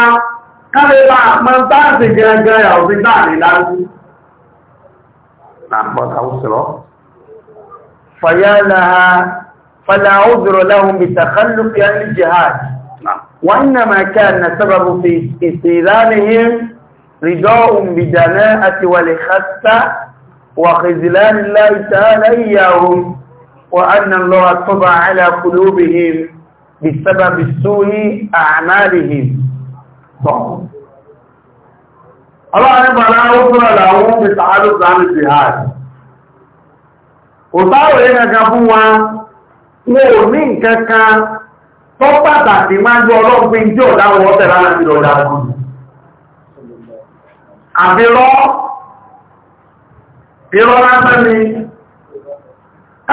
kálẹ̀ bá mọ táàsì gẹ́gẹ́ ọ̀sìn táàlì lájú. nàpọ̀ta ó sọ̀rọ̀. fàyálà fàlà ó zòrò lẹ́hùn bí tàkàlù kí á ní ridọ́hùn bìdàná àti wàlẹ̀ ṣáṣá wà kìzìláni láìtàálá ìyàwó wà annan lọ àtọ́bà alákùlóbìhìm bí sábà bí sóhí àmàlìhìm tọ́ ọlọ́rin bàrá ó fún àlàwó bí sàárù sàárù jihad kò sáwẹ̀ kankan fún wa wọn ò ní nǹkankan tó pàtàkì máa ń jọ ọlọ́gbìn jọ dáwọn ọ́tẹ̀ lára ìlọ́dà fún àbí rọ́ irọ́ lásán ni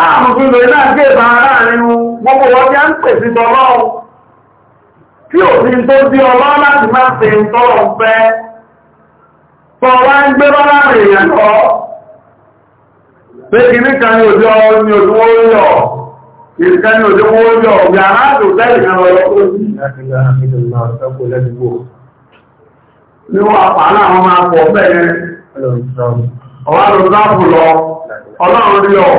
ààrùn fún ìlú náà gbé bá láàrin gbogbo wọ́n já ń pè sí tọ́lọ́ tí ò sí tó dí ọlọ́ láti má ṣe tọ́lọ̀ fẹ́ tọ́ wá ń gbé bá láàrin èèyàn lọ pé kì níkan ní òjò ní òjò wọ́n yọ̀ ìrìkan ní òjò wọ́n yọ̀ yàrá àjò tẹ́lì kan lọ ní wọ́n pa láwọn máa pọ̀ bẹ́ẹ̀ ọwá ló dáàbò lọ ọlọ́run rí ọ̀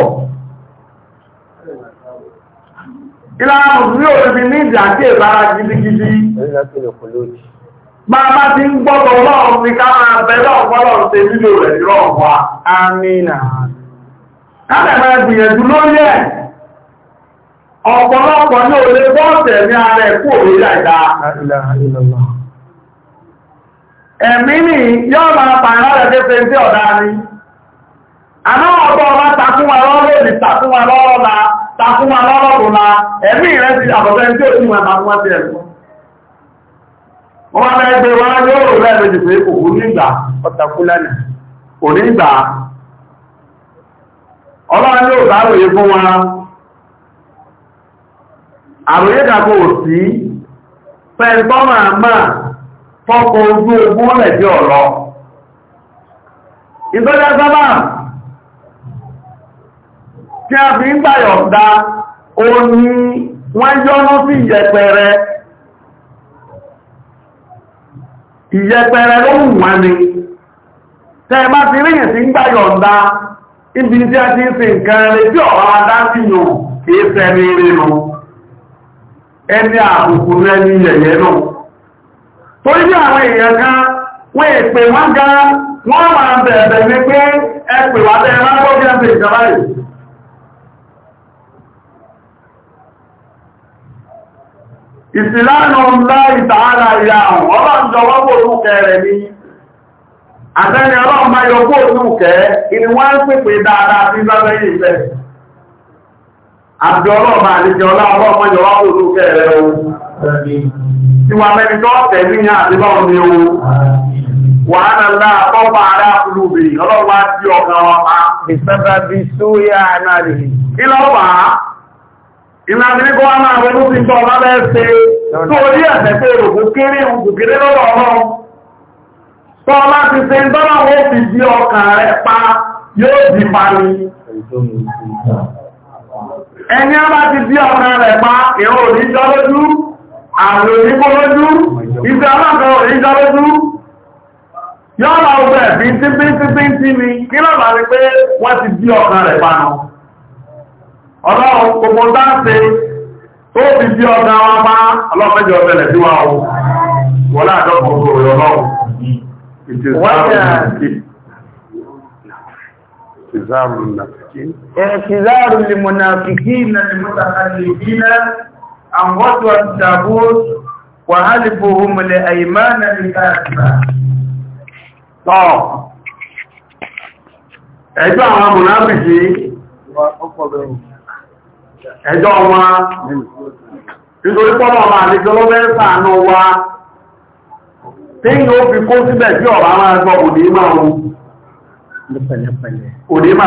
ìlànà mùsùlùmí òfin ní ìdí àti ìbára gidigidi bá bá ti ń gbọ́dọ̀ lọ́run ní ká máa ṣe nílò rẹ̀ amínà lórí ẹ̀ ọ̀pọ̀lọpọ̀ ní bọ́ọ̀tẹ̀ ní ara ẹ̀kú òwúrẹ̀ ẹ̀mí ni yọ́ máa rẹ̀ dé fẹ́ ọ̀dá ni àná ọ̀dọ́ ọba takúnwà lọ́rọ̀ èdè takúnwà lọ́rọ̀ la takúnwà lọ́rọ̀ la ẹ̀mí rẹ̀ ti àbọ̀fẹ́ tí ó ti ẹ̀kọ́ tọ́kọ̀ ojú ogun rẹ̀ jẹ́ ọ̀rọ̀ ìtọ́já sábà tí a fi ń gbàyọ̀ǹda o ní wọ́n yọ́nú sí ìyẹpẹrẹ ìyẹpẹrẹ ló wù wọ́n ni tẹ́ bá ti ríyìn sí ń gbàyọ̀ǹda ibi tí a ti ń fi nǹkan rẹ̀ tí ọ̀rọ̀ adásíyàn kìí sẹ́ni rẹ̀ nù ẹni àbùkù rẹ̀ ní yẹ̀yẹ́ náà torí bí àwọn èèyàn kan wọ́n èpè wọ́n ga wọ́n máa bẹ̀ẹ̀bẹ̀ ní pé ẹpè wà bẹ́ẹ̀ máa gbọ́ jẹ́ ìjọba yìí ìsìlánà ńlá ìtàhálà ìyá àwọn ọlọ́njọwọ́ kò lúkẹ́ rẹ̀ ní àtẹ́ni ọlọ́mà yọ kò ìní wọ́n pèpè dáadáa sí lábẹ́ yìí fẹ́ àbí ọlọ́mà àlejò Ìwà mẹ́ni tó ọ̀tẹ̀ ní ní àdébá omi o. Wà á nàlá àkọ́pà aláàfúlù bì ọlọ́wà tí ọ̀kan wọn pa. Ìsẹ́bà bí sóyà náà rè. Ìlọ́wà ìlànà ní kó wá máa ronú sí tọ́ ọ̀nà bẹ́ẹ̀ ṣe tó orí ẹ̀sẹ̀ pé òkú kéré òkú kéré lọ́wọ́ ọlọ́run. Tọ́ ọlá ti ṣe ń tọ́lá wọ́n fi di ọkàn rẹ̀ pa yóò ẹni a bá ti bí ọ̀nà rẹ̀ pa ìrò òníjọ́ lójú àwọn onígbọ́lójú ìgbà aláàkọ̀ọ́ ìjọlójú yọ́nà ọgbẹ̀ bí tí bí tí bí tí mi kí lọ́nà rí pé wọ́n ti dí ọkàn rẹ̀ pa náà ọlọ́run gbogbo dáńse tó fi dí ọkàn wọn pa ọlọ́pẹ́jọ ọ̀bẹ̀lẹ̀ sí wa o wọ́n láàjọ gbogbo rẹ̀ ọlọ́run ìtìzáàrù lè mọ̀nà fìkí ìnà lè mọ́ta عن غزوة تابوت وحلفهم لأيمان الكاذبة طب ẹjọ́ àwọn mùnáfìsí ẹjọ́ wọn nítorí pọ́lọ̀ ọmọ àlejò lọ́wẹ́ sàánú tí fi kó síbẹ̀ ọ̀rọ̀ àwọn ẹgbọ́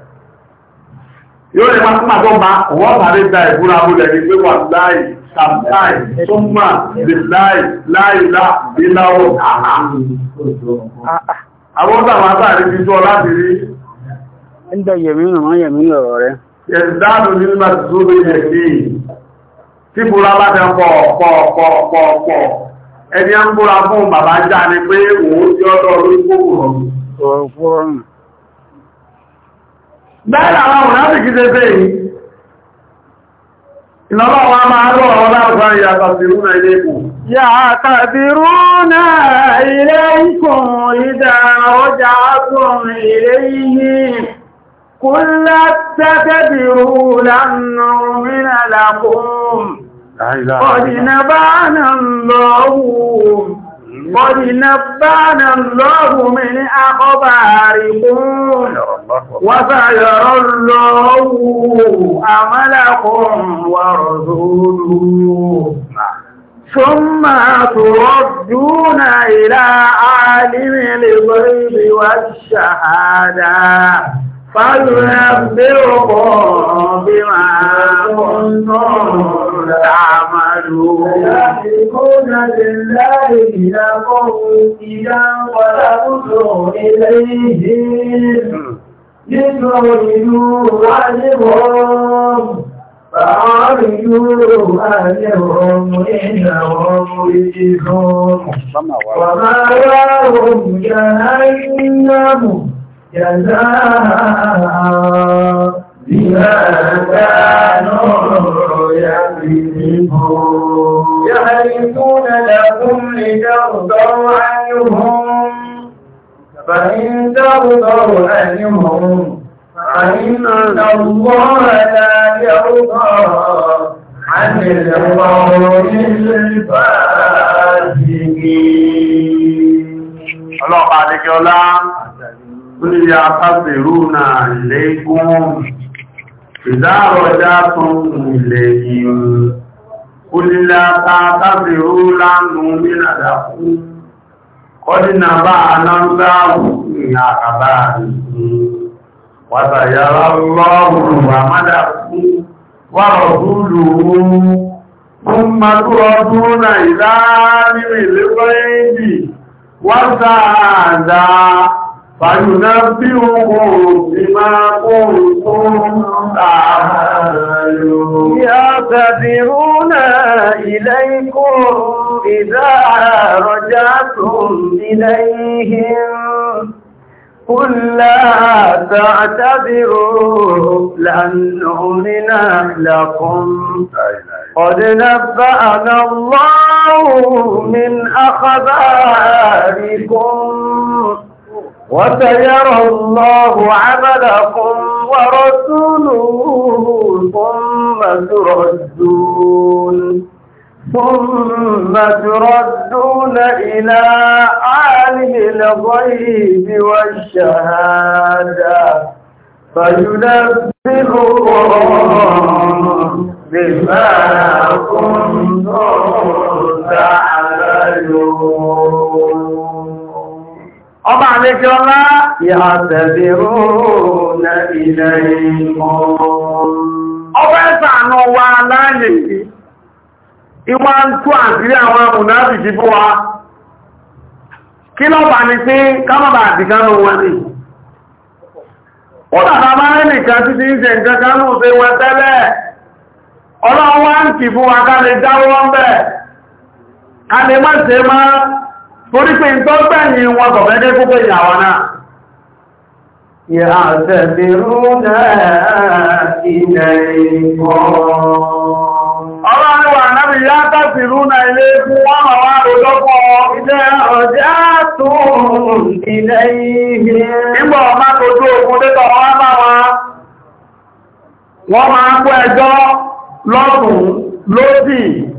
yóò lè máa túnmà tó máa wọ́n tàbí da ìbúra múlẹ̀ ní pé wà láì sàmláì túnmà lè láì láìlá ìláwọ̀ àhá àwọn ọ̀tàwà àtàrí ti jọ láti rí ẹ̀ndọ̀ yẹ̀mínú wọ́n yẹ̀mínú ọ̀rọ̀ rẹ̀ ẹ̀dáàdù ní nígbà tí ó lè yẹ̀ sí tí búra bá tẹ pọ̀ pọ̀ pọ̀ pọ̀ pọ̀ ẹni à ń búra fún bàbá já ni pé òun ti ọ̀dọ̀ orí kòkòrò bẹ́ẹ̀ làwọn mùnáfì kí ṣe fẹ́ yìí ìnáwó àwọn máa lọ ọ̀rọ̀ láàrùn ìyàtọ̀ rúnà ilé ikú يعتذرون إليكم إذا رجعتم إليه قل لا تتبروا لن نؤمن لكم قد نبعنا الله قد نبانا الله من أخباركم وسيرى الله عملكم ورسوله ثم تردون إلى عالم الغيب والشهادة فَلْنَبِّئْكُمْ بِمَا كُنْتُمْ تَعْمَلُونَ يَحْلِفُونَ بِاللَّهِ لَكُمْ إِذَا انقَلَبْتُمْ إِلَيْهِمْ لِتُرِدُوا عَنْهُمْ فَأَعْرِضُوا عَنْهُمْ إِنَّهُمْ رِجْسٌ وَمَأْوَاهُمْ جَهَنَّمُ جزاء بما كانوا يكذبون يحلفون لكم لترضوا عنهم فإن ترضوا عنهم فإن الله لا يرضى عن القوم الفاسقين. ọlọ́pàá àdéjọ́lá níbi afásẹ̀rú náà lè gún ìdárọjá tún ilẹ̀ yìí olílẹ̀ afásẹ̀rú lánú mílàdà fún kọ́dínà bá aláńgáàrù ní àkàbà wàtàyàrá lọ́rùn àmádà fún wárọ̀dúlù fún màtúrọ̀dún náà ìdá nílẹ̀ lẹ́gbẹ̀ẹ́ فينبئكم بما كنتم تعملون يعتذرون إليكم إذا رجعتم إليهم قل لا تعتذروا لن نؤمن لكم قد نبأنا الله من أخباركم وسيرى الله عملكم ورسوله ثم تردون ثم تردون إلى عالم الغيب والشهادة فينبئهم بما كنتم تعملون ọba àlejò ọlá ìhàtẹ̀bẹ̀rọ̀ na ilẹ̀ ìmọ̀. ọba ẹ̀sà àánú wa láàyè sí ìwà ń tú àṣírí àwọn amùnáàbì sí wa kí lọ bà ní pé kámàbà àdìkánú wọn ni ó dàbà bá ẹnìkan títí ń ṣe nǹkan kánú torí pé ìtọ́gbẹ̀yìn wọn kọ̀fẹ́dé púpọ̀ ìyàwó náà Yàtẹ̀bìrúnà ilẹ̀ ìkọ́. Ọlọ́run wà náà yàtẹ̀bìrúnà ilé fún wọ́n wà wá lọ́pọ̀ ilé ọjá tó ilẹ̀ ihe. Ìgbọ̀ ọmá tójú ogun tẹ́tọ̀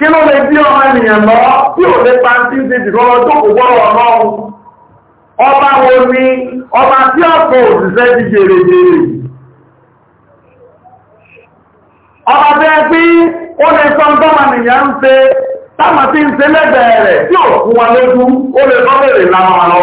kí ló lè bí ọmọ ènìyàn lọ tí ò lè pa tí ń ṣe jù lọ́wọ́ tó kò gbọ́rọ̀ ọlọ́run ọba wo ni ọba tí ọ̀pọ̀ òṣìṣẹ́ ti jèrè jèrè ọba bẹ́ẹ̀ pé ó lè sọ ń tọ́mọ ènìyàn ń ṣe táwọn tí ń ṣe lẹ́gbẹ̀ẹ́ rẹ̀ tí ò fún wa lójú ó lè sọ bèrè lánàá lọ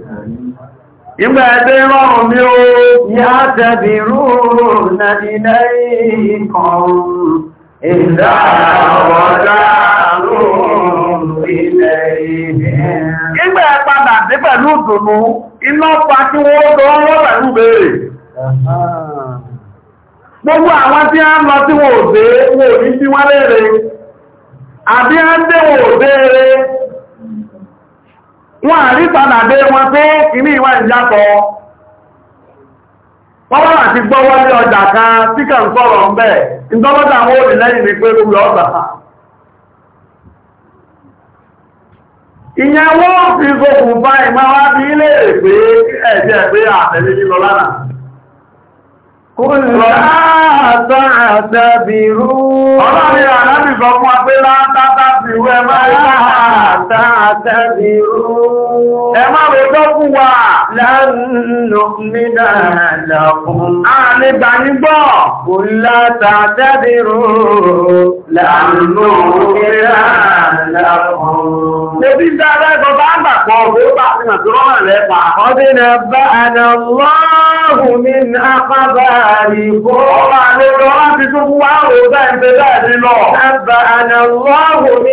Ìgbà ẹgbẹ́ rọrùn ní o, yá tẹ̀bì rúrù na ilẹ̀ ìkan ìdá ọ̀dá rúrù ilẹ̀ ìbẹ̀. Ìgbà ẹ̀padà sí pẹ̀lú ìdùnnú, iná pa kí wọ́n tó ń Gbogbo àwọn a wọ́n àrí sànàdé wọn pé kìíní ìwà ìyàtọ̀ wọ́n wà ti gbọ́ ní ọjà kan tí kàn sọ̀rọ̀ ń bẹ̀ ìdọ́lọ́dà àwọn òní ní pé lórí fi gbogbo bá wá bí ilé nílọ lánàá Kúrò Ọlọ́rin fún àti wẹ́ máa tààtàbírú. Ẹ máa wè gbọ́ fún wa. Lánàá mínà lọ́kùn. A lè gbà ní gbọ́. Kò látàtàbírú. Lánàá mínà lọ́kùn. Ebi ń dára ẹgbọ́ bá ń gbàpọ̀ òwe bá ti nà tó rọ́nà lẹ́pa. Ọdún náà bá àná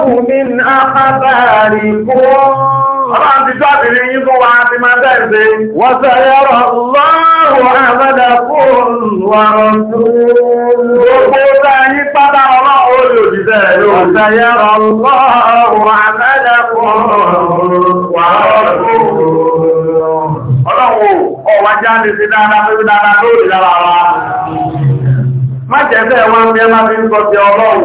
láàbù ní àpátáàrí kó. Ọlọ́run ti tọ́ àbìrí yín fún wa ti máa tẹ̀sẹ̀. Wọ́n sẹ́yọ́rọ̀ lọ́rùn àmọ́dà fún wàrọ̀ tó. Gbogbo sáyé pátá ọlọ́run ó lò Wọ́n lọ́rùn fún tó. Ọlọ́run ọ̀wá jáde sí dáadáa pé dáadáa lórí wa. Má jẹ́ bẹ́ẹ̀ wá ń bí ẹ má fi ń sọ ti ọlọ́run.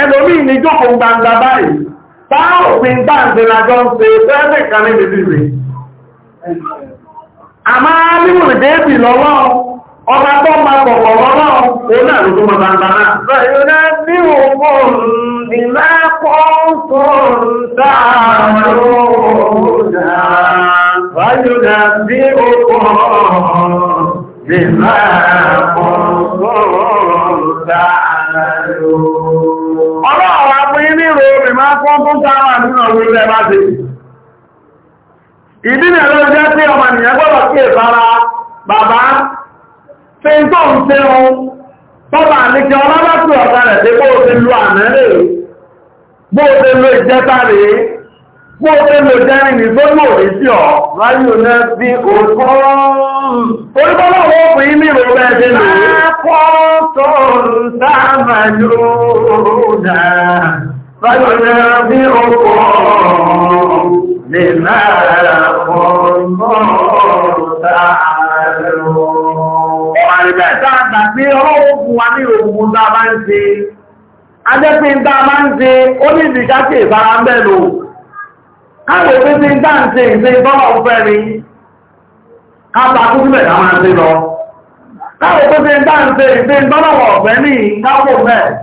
ẹlòmí ní jókòó gbangba báyìí táà òfin gbáǹdé lájọ́ ń ṣe fẹ́ẹ̀mì kan ní ìdílé a máa níwò lè bèébì lọ́wọ́ ọba tó ma pọ̀pọ̀ lọ́wọ́ òun náà ló ma gbangba náà bẹ̀rẹ̀ ní òun ìlẹ́kọ̀ọ́ tó ń dáa lóòrùn mi máa kún tó ń jẹ́ pé ọmọ nìyẹn gbọ́dọ̀ sí ìfara bàbá ṣe ń tó ń ṣe ohun tọ́bà àníkẹ́ ọlọ́lọ́pù ọ̀tà rẹ̀ pé bó ṣe lo àná rè bó ṣe lo ìjẹta rè bó ṣe lo jẹ́rin ní tó lò rí sí ọ̀ ráyò فينبئكم بما كنتم تعملون Àrìbẹ̀ dáadáa pé ọlọ́wọ́ fún wa ní òògùn tá a máa ń ṣe. A jẹ́ pé tá a máa ń ṣe ó ní dá ń ṣe ìṣe bọ́lá ọ̀fẹ́ ká bá kú máa ṣe lọ.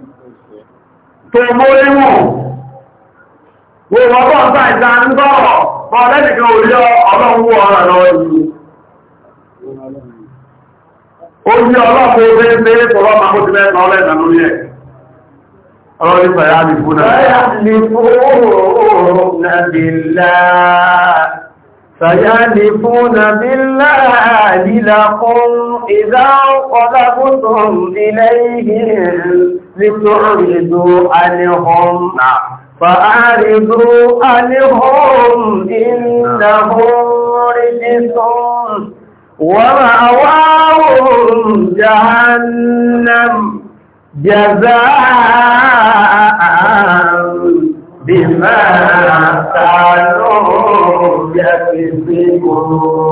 tó mórímù wo wọ́pọ̀ ọ̀sá ìta ń gọ́rọ̀ mọ́ lẹ́nìkan orí ọlọ́wọ́ ọ̀rọ̀ lọ ìlú orí ọlọ́pọ̀ orí mẹ́rẹ́ tọ́rọ ma kó ti mẹ́ta ọlọ́ ìdà lórí ẹ̀ ọ̀rọ̀ ní fẹ̀yà ní fún náà فيعرفون بالله لكم إذا انقلبتم إليهم لتعرضوا عنهم فأعرضوا عنهم إنهم رجس ومأواهم جهنم جزاء بما كانوا يكسبون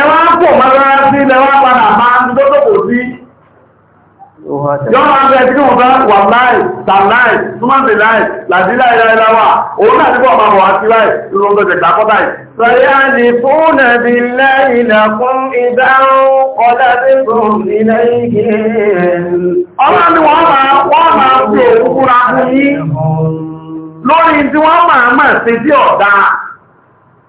ẹwà pọ̀ mọ́lára sí lẹ́wà padà máa ń tó tókò sí yọ́n máa bẹ̀rẹ̀ tí wọ́n bá wà láì tàláì túnmọ̀sí láì láì òun ọmọ wà sí láì tó fún ẹ̀bí lẹ́yìn ìdáhùn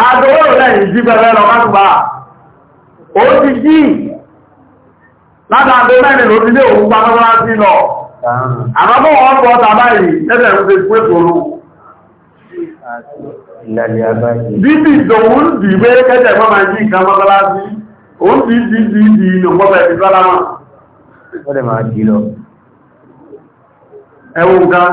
àádọ́wọ́ ìrìnlẹ̀ ìjí bẹ̀rẹ̀ lọ mẹ́tùbà ó ti jí látàgbé mẹ́rin ló nílé òun gbámọ́lá sí lọ àmọ́bọ̀ wọ́n bọ́ tàbá yìí lẹ́bẹ̀ ń fi pé tòrò bíbí ìdòwú ń dì pé kẹ́jẹ̀ mọ́ máa jí sí ti ìlò ti ẹwùn kan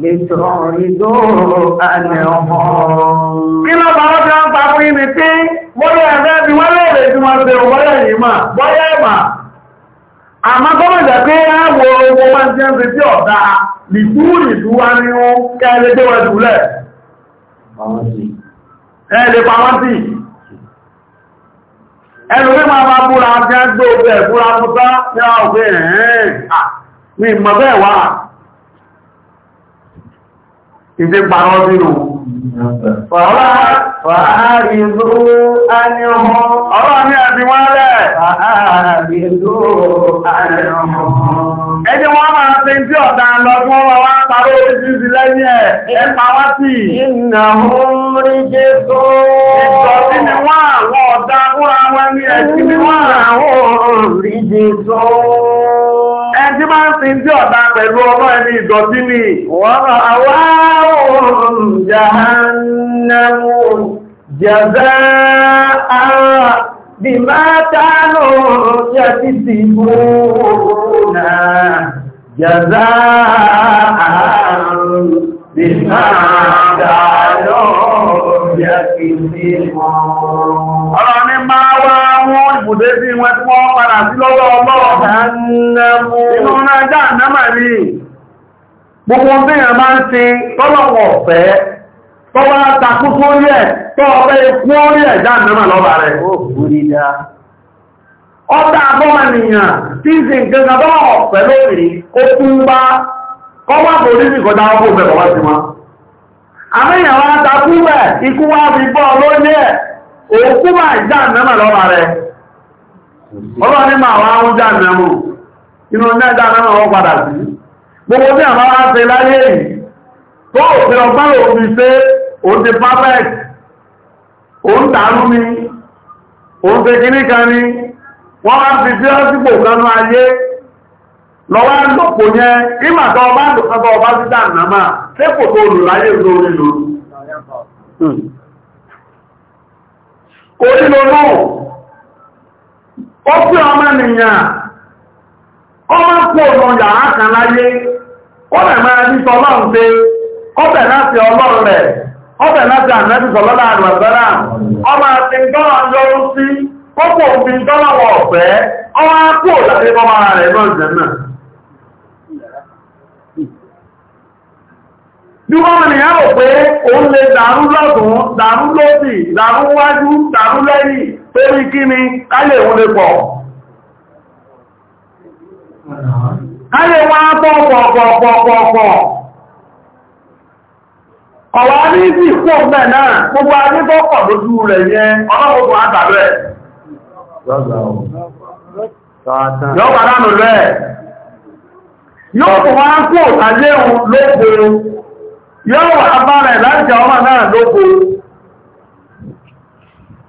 lè tọrọ ìdó àmì ọ̀họ́. Kí ló bá wọ́n tí wọ́n pa fún ibi tí bóyá ẹ̀fẹ́ bí wọ́n lè rè tí wọ́n ṣe bóyá yìí mà bóyá ẹ̀mà. Àmọ́ gómìnà pé á wo owó máa ń jẹ́ ń fi sí ọ̀dà nìkú nìkú wá ní ó kẹ́lẹ́ tó wẹ̀ jùlẹ̀. Ẹ lè pa wọ́n sí. Ẹnu mi máa máa búra jẹ́ gbé òkè ìbúra mú sá ní àwọn òkè ẹ̀hẹ́n. Mi mọ̀ bẹ́ẹ̀ wá. ìdí parọ́ sínú. Fàáàrìdó àníọmọ. Ọlọ́ ní ẹ̀bí wọ́n lẹ̀. Fàáàrìdó wọ́n máa fi tí ọ̀dá lọ fún wá paró oríṣiríṣi lẹ́yìn ẹ̀. Ẹ pa wá sí. Iná orí tí máa ń sin tí ọ̀dá pẹ̀lú ọmọ ẹni ìdọ̀tí ni. Wọ́n àwá òun jahannamu jaza ara bí máa tánù yẹ ti ti bú náà jaza bí máa tánù yẹ ti ti bú náà. kùdé sí wọn tí wọ́n padà sí lọ́wọ́ ọlọ́run tọ́wọ́ takú tó rí ẹ̀ tọ́ ọ̀fẹ́ ikú orí ẹ̀ jáàmìnà lọ́bà rẹ̀. ọ̀dá abọ́mọ̀nìyàn tí ọ̀fẹ́ lórí ó bá ọlọ́run ní máa wá ń jà nàmù inú mẹ́ta náà ọwọ́ padà sí gbogbo tí àwọn wá ṣe láyé tó òfin ọgbọ́n òfin ṣe òun ti perfect òun ni òun kíní kan ni wọ́n wá fi kanú ayé lọ́wọ́ yẹn ìmà tó ọba lòpò tó ọba sí dànàmà ṣé kò tó olùráyè lórí lórí kò náà ó pé ọmọ nìyàn ọmọ kú ọ̀nà yàrá kan láyé ó máa ní sọlọ́run pé ọbẹ̀ láti ọlọ́run rẹ̀ ọbẹ̀ láti àmẹ́bí sọlọ́lá àgbàgbára ọmọ àti dọ́là yọrù sí kókò òfin dọ́là wọ̀ ọ̀fẹ́ ọmọ kú òlàdé ọmọ rẹ̀ náà bí wọ́n ni a pé òun lè dàrú lọ́tún dàrú lósì dàrú wájú dàrú lẹ́yìn torí kí ni kálẹ̀ ìwúlé pọ̀ pọ̀ pọ̀ pọ̀ ọ̀wọ́ ní sí ìpò mẹ́ náà gbogbo adébọ́ lójú rẹ̀ yẹn àtàrẹ rẹ̀ yóò kò wá kú òun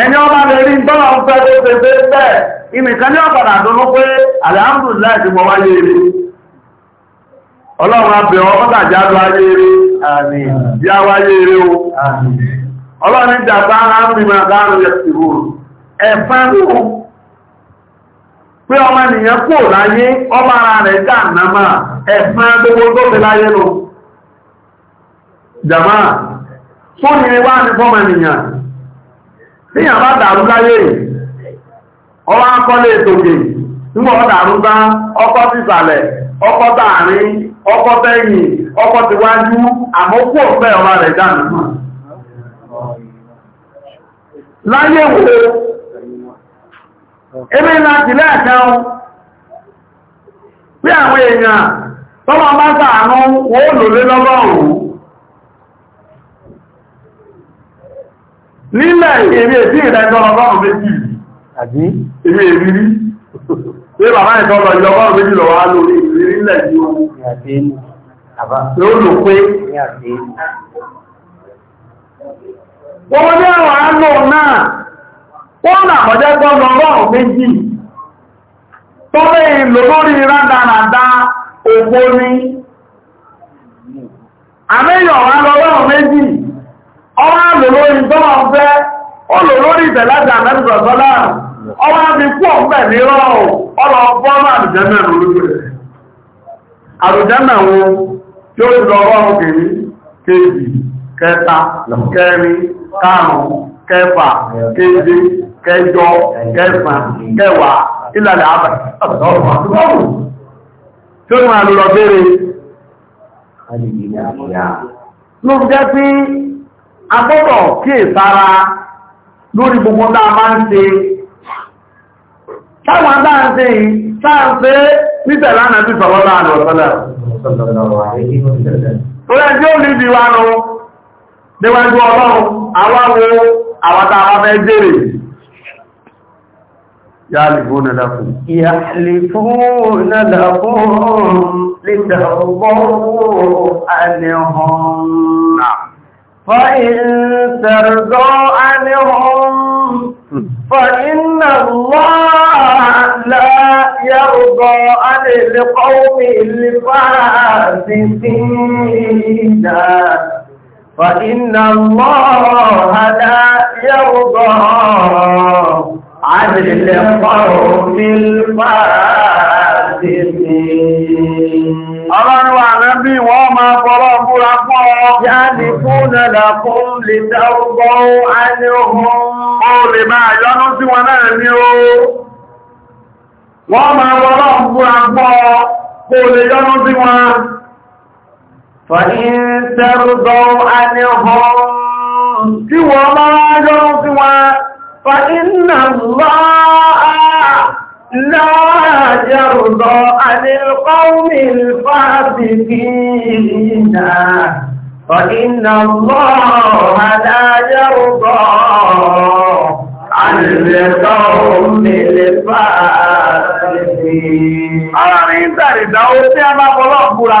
ẹni ọba lè rí ń fẹ́ tó fẹ́ bẹ́ẹ̀ ìmìkan ní ọ̀pàdà tó pé alhamdulillah ti mọ̀ wáyé rí ọlọ́run abẹ̀ ọmọdàjá lọ ayé rí bí a wáyé rí o ọlọ́run ìjàpá arábìnrin àdáàrùn yẹ ti rú pé ọmọ ènìyàn láyé ara rẹ̀ ẹ̀fẹ́ gbogbo tó fi láyé lọ jàmáà fún ní fọ́mọ ènìyàn tíyàn bá dàrú láyé ọwá kọ́lé ìtòkè nígbà ọ dàrú bá ọkọ́ sísàlẹ̀ ọkọ́ tààrin ọkọ́ tẹ́yìn ọkọ́ tíwájú àmókù ọ̀fẹ́ ọba rẹ̀ dànù láyé wo ebe láti lẹ́ẹ̀kan pé àwọn èèyàn tọ́lọ nílẹ̀ èrè tí ìrẹ́jọ́ méjì àbí èrè ìrírí pé bàbá ìtọ́lọ ìlú ọgọ́rùn-ún méjì lórí ìrírí nílẹ̀ yìí ó lò pé wọ́n ní àwọn àlò náà wọ́n nà kọjá gbọ́nà lórí ògbóní ọwọ́ àlòlórí tọ́wọ́ fẹ́ olólórí ìtẹ̀lájà mẹ́rìndọ̀sọ́lá ọwọ́ àti kú ọ̀pẹ́ ní rọrùn ọlọ àrùjẹ́mẹ̀ lórúkọ àrùjẹ́mẹ̀ wọn tí ó lọ rọrùn kẹta kẹrin karùn kẹfà kéje kẹjọ kẹfà kẹwàá ìlàlẹ̀ agbọ́dọ̀ kíè sára lórí gbogbo dáa máa ń ṣe táwọn dáa ń ṣe yìí táà ń ṣe nítẹ̀lá náà ti sọ̀rọ̀ láàrín ọ̀sọ́lẹ̀ ọ̀rẹ́ tí ó ní ibi wa nù níwájú ọlọ́run àwáwo àwátá afẹ́ jèrè Yàlìfóònà láfún. Yàlìfóònà láfún فإن ترضوا عنهم فإن الله لا يرضى عن القوم الفاسقين فإن الله لا يرضى عن القوم الفاسقين Ọlọ́run ànábì wọ́n máa fọ́lọ́ búra fún ọ. Yá ní lè dárúgbọ́ ayé ohun. Ó lè máa yọ́nú sí wọn náà ní ó Wọ́n máa fọ́lọ́ búra fún kó lè yọ́nú sí wọn. ohun. Tí wọ́n لا يرضى عن القوم الفاسقين فإن الله لا يرضى عن القوم الفاسقين Ọlọ́rin ìtàrí ìdáwó tí a bá fọ́lọ́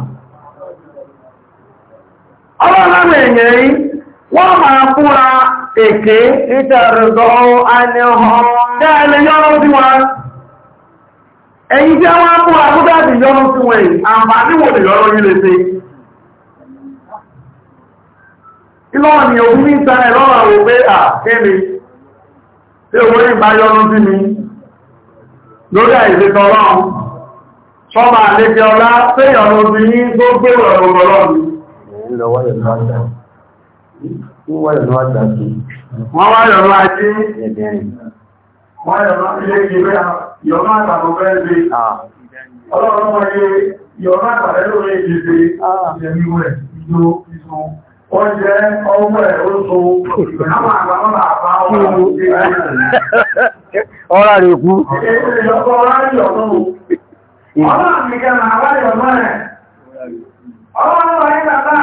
ọlọ́run èèyàn yìí wọ́n máa fúra èké ìtẹ̀rùdọ̀ àníhàn tẹ́ẹ̀lẹ̀ yọ́rọ̀ sí wọn ẹ̀yìn tí wọ́n fúra fúgbàtí yọ́rọ̀ sí wọn èyí àǹfààní wò lè ọ̀rọ̀ lọ wáyọ̀ lọ́wọ́ àjà kí wáyọ̀ lọ́wọ́ àjà kí. wọ́n wáyọ̀ lọ́wọ́ ajé wáyọ̀ lọ́wọ́ ilé ìgbé yọ̀mọ́ àtàkùn fẹ́ ṣe ọlọ́run wáyé yọ̀mọ́ àtàkùn lórí ìdíje ìyẹ̀mí rẹ̀ ìjó ìṣó oúnjẹ ọmọ ẹ̀ ó so àwọn àgbàmọ́ àbá ọmọ ọ̀rọ̀ rẹ̀ kú. ìjọba ọ̀rọ̀ rẹ̀ ọ̀tọ̀ Ọlọ́run nìkan àwọn ọmọ ẹ̀. Ọlọ́run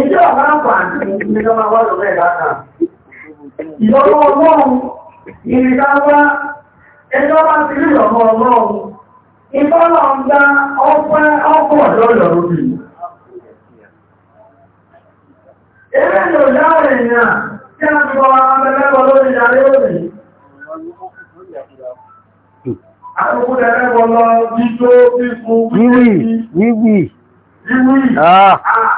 Ìjọ́ ọ̀gá àpàdé ìjọba wọ́n lọ mẹ́ta kan. Ìjọba ọlọ́run, ìrìnkáwá, ẹjọ́ bá ti rí ọmọ ọlọ́run, ìfọ́lọ̀ ń gba ọpẹ́ ọkọ̀ lọ́lọ́ lórí. Eré lò láàrin ìrìnà tí a ti wọ́n abẹ́lẹ́bọ̀ lórí ìdarí òní. Àkókò ẹ̀rẹ́bọ̀ lọ jíjó fífún wíwì. Wíwì. Wíwì. Ah. ah.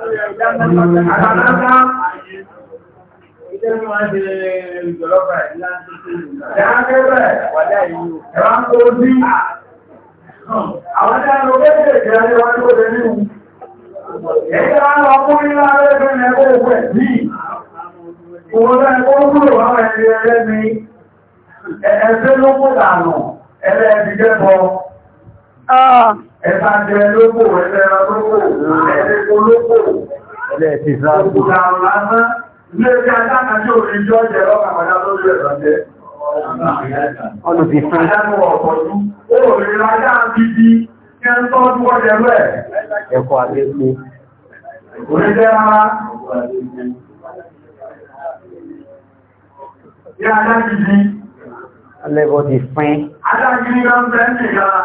Àwọn Ẹgbẹ́ ló kó dànù, ẹ̀rẹ́ ẹ̀bí jẹ́ bọ́ ẹ̀bá jẹ lókò ẹ̀lẹ́ra lókò ẹ̀lẹ́kò lókò ẹ̀lẹ́ẹ̀tìsá òkúta ọ̀lásán ilé-ẹ̀kẹ́ adákanjẹ́ òrìjọ́ jẹ́ lọ́kàpàdá lórí ẹ̀bá jẹ́ olùfisán adámọ̀ ọ̀pọ̀jú ó rí rájá bíbí kẹ́ ń tọ́jú ọjẹ́ rẹ̀ ẹ̀kọ́ àgbẹ́kú orílẹ̀ ara Adájíjí. Alẹ́bọ̀ ti fín. Adájíjí lọ ń bẹ́ẹ̀ nìkan.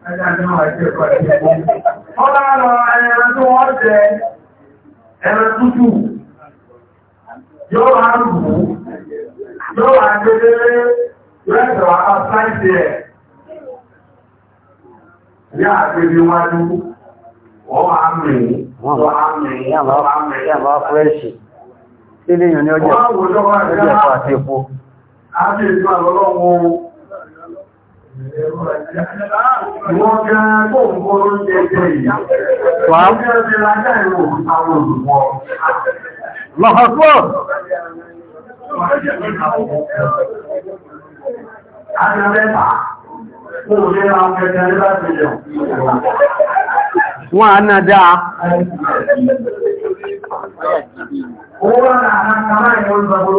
Wọ́n bá lọ ẹran tó wọ́n jẹ ẹran tútù yóò máa rùgbù, yóò máa gbẹ́gbẹ́ lẹ́tọ̀ àwọn ẹ̀. Ní àgbẹ́gbẹ́ wájú, wọ́n máa mìí, wọ́n máa mìí, wọ́n máa mìí, wọ́n máa fẹ́ṣì. Ilé ìyàn ni ó Wọ́n Wọ́n á náà dáa. Owó rà náà kàmáà ìwọ̀n ìgbàgbọ́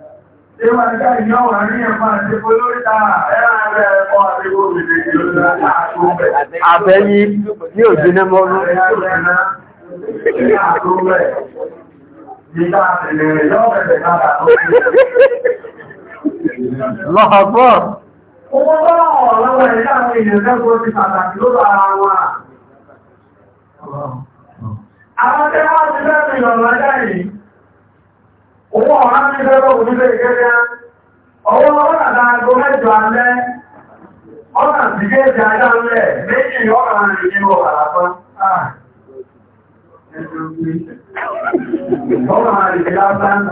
Ìwà ìjá ìyàn wà ní ẹ̀mà àti olóríta ẹ̀rà rẹ̀ ẹ̀kọ́ àti olùdí ìlú àbẹ́yí ní òjìnà mọ́rún. Lọ́pọ̀. Owó lọ́wọ́ lọ́wọ́ ìjá àwọn èèyàn lẹ́gbọ́ ti pàtàkì ló bá ara wọn. Àwọn tẹ́wàá ti lẹ́gbẹ̀ẹ́ Owó ọ̀há ní fẹ́rọ ònílé ìgẹ́gẹ́, ọwọ́ ọ̀rọ̀dà agbó mẹ́jọ alẹ́, ọ̀nà sí gẹ́ẹ̀jẹ̀ ajá lẹ́ méjì ọ̀rọ̀ àrìn nínú ọrụ àpá. Ọ̀rọ̀ ọrụ lásán,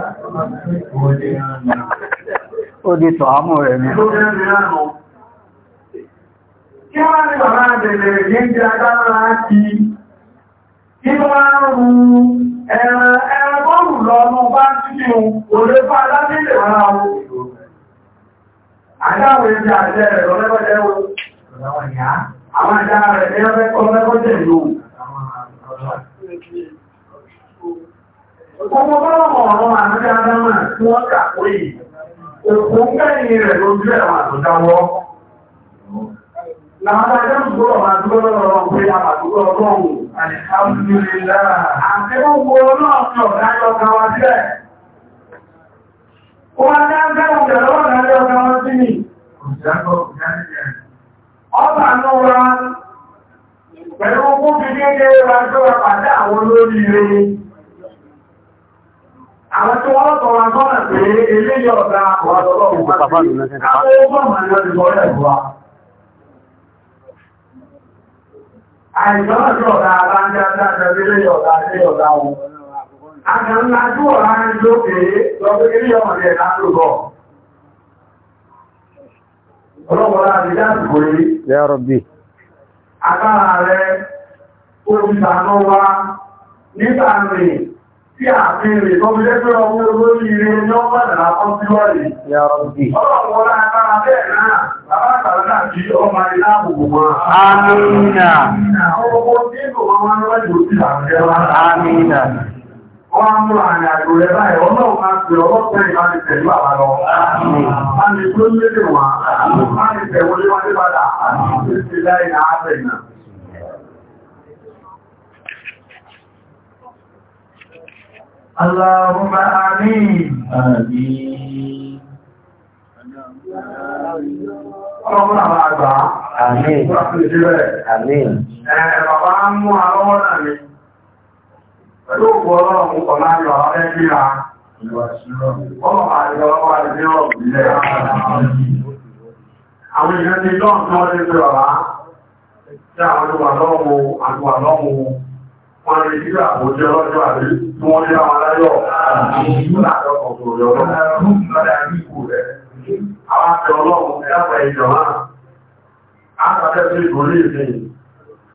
ah. lọ ọmọ bá ń tí ní orí bá lábílẹ̀ rárá o. Àdáwò ẹgbẹ́ àjẹ́ rẹ̀ lọ lẹ́gbẹ́jẹ́ o. Àwọn àjá rẹ̀ ní ọgbẹ́ kọ́ lẹ́gbẹ́jẹ́ ìlú. Ọmọ bá wọ̀ ọ̀rọ̀ àmì Làwọn ajá ń gbọ́rọ̀ máa dúró lọ́rọ̀ ọ̀pẹ́ àbàdúró ọlọ́run. Àlìkàmùlélà. Àtẹ́wọ́ wo ọlọ́run ní ọ̀dájọ́ kan wá sílẹ̀. Ó wá ní ágbẹ́wọ̀n pẹ̀lú ọ̀dájọ́ kan wá sí mi. Ọba náà wá pẹ̀lú ogún fi dédé wá gbọ́ra pàdé àwọn olórí rẹ̀. Àwọn tí wọ́n tọ́ wa gọ́nà pé eléyọ̀ ọ̀dà àwọn ọlọ́run pàdé. Àwọn ogún àmàlẹ́ ọdún àìsọ́lọ́dọ̀ ọ̀dá àbájá dáadáa lé ọ̀dá lé ọ̀dá wọn. Àgbàmlájú ọ̀rá ń lókè lọ́gbé ilé ọmọdé ẹ̀dá tó bọ̀. Ọlọ́pọ̀lá àti dáàbò kò rí. Ya Rabbi. Àgbàrà rẹ̀, ó ń tànú wá nígbà rìn tí ààfin rẹ̀ tó fi lẹ́gbẹ́ ọmọ olórí ilé ní ọ́pàdà lápọ́n mú àrìn àjò rẹ̀ báyìí, ọlọ́run máa pè ọlọ́pẹ́ ìbánitẹ̀lú àbá lọ. A ní tó lédè a ní tẹ̀wọlé wá padà, a ní tó ṣe láì náà اللهم Amin. آمين Ọlọ́run àwọn àgbà, àmín, àmín. Ẹ bàbá ń mú àwọn ọ̀nà mi, pẹ̀lú òkú ọlọ́run ọ̀nà àjọ àwọn ẹgbẹ́ ra, ọlọ́run àjọ ọwọ́ àjọ ìlẹ̀ àwọn ìrìnlẹ́ lọ́nà tó wọ́n lé pẹ̀lú ọ̀rá, tí àwọn olùwà lọ́wọ́ wọ́n àwọn aláyọ̀ ọlọ́run lọ́dà ní ìkú rẹ̀. Àwọn àjọ ọlọ́run ẹ̀dàpọ̀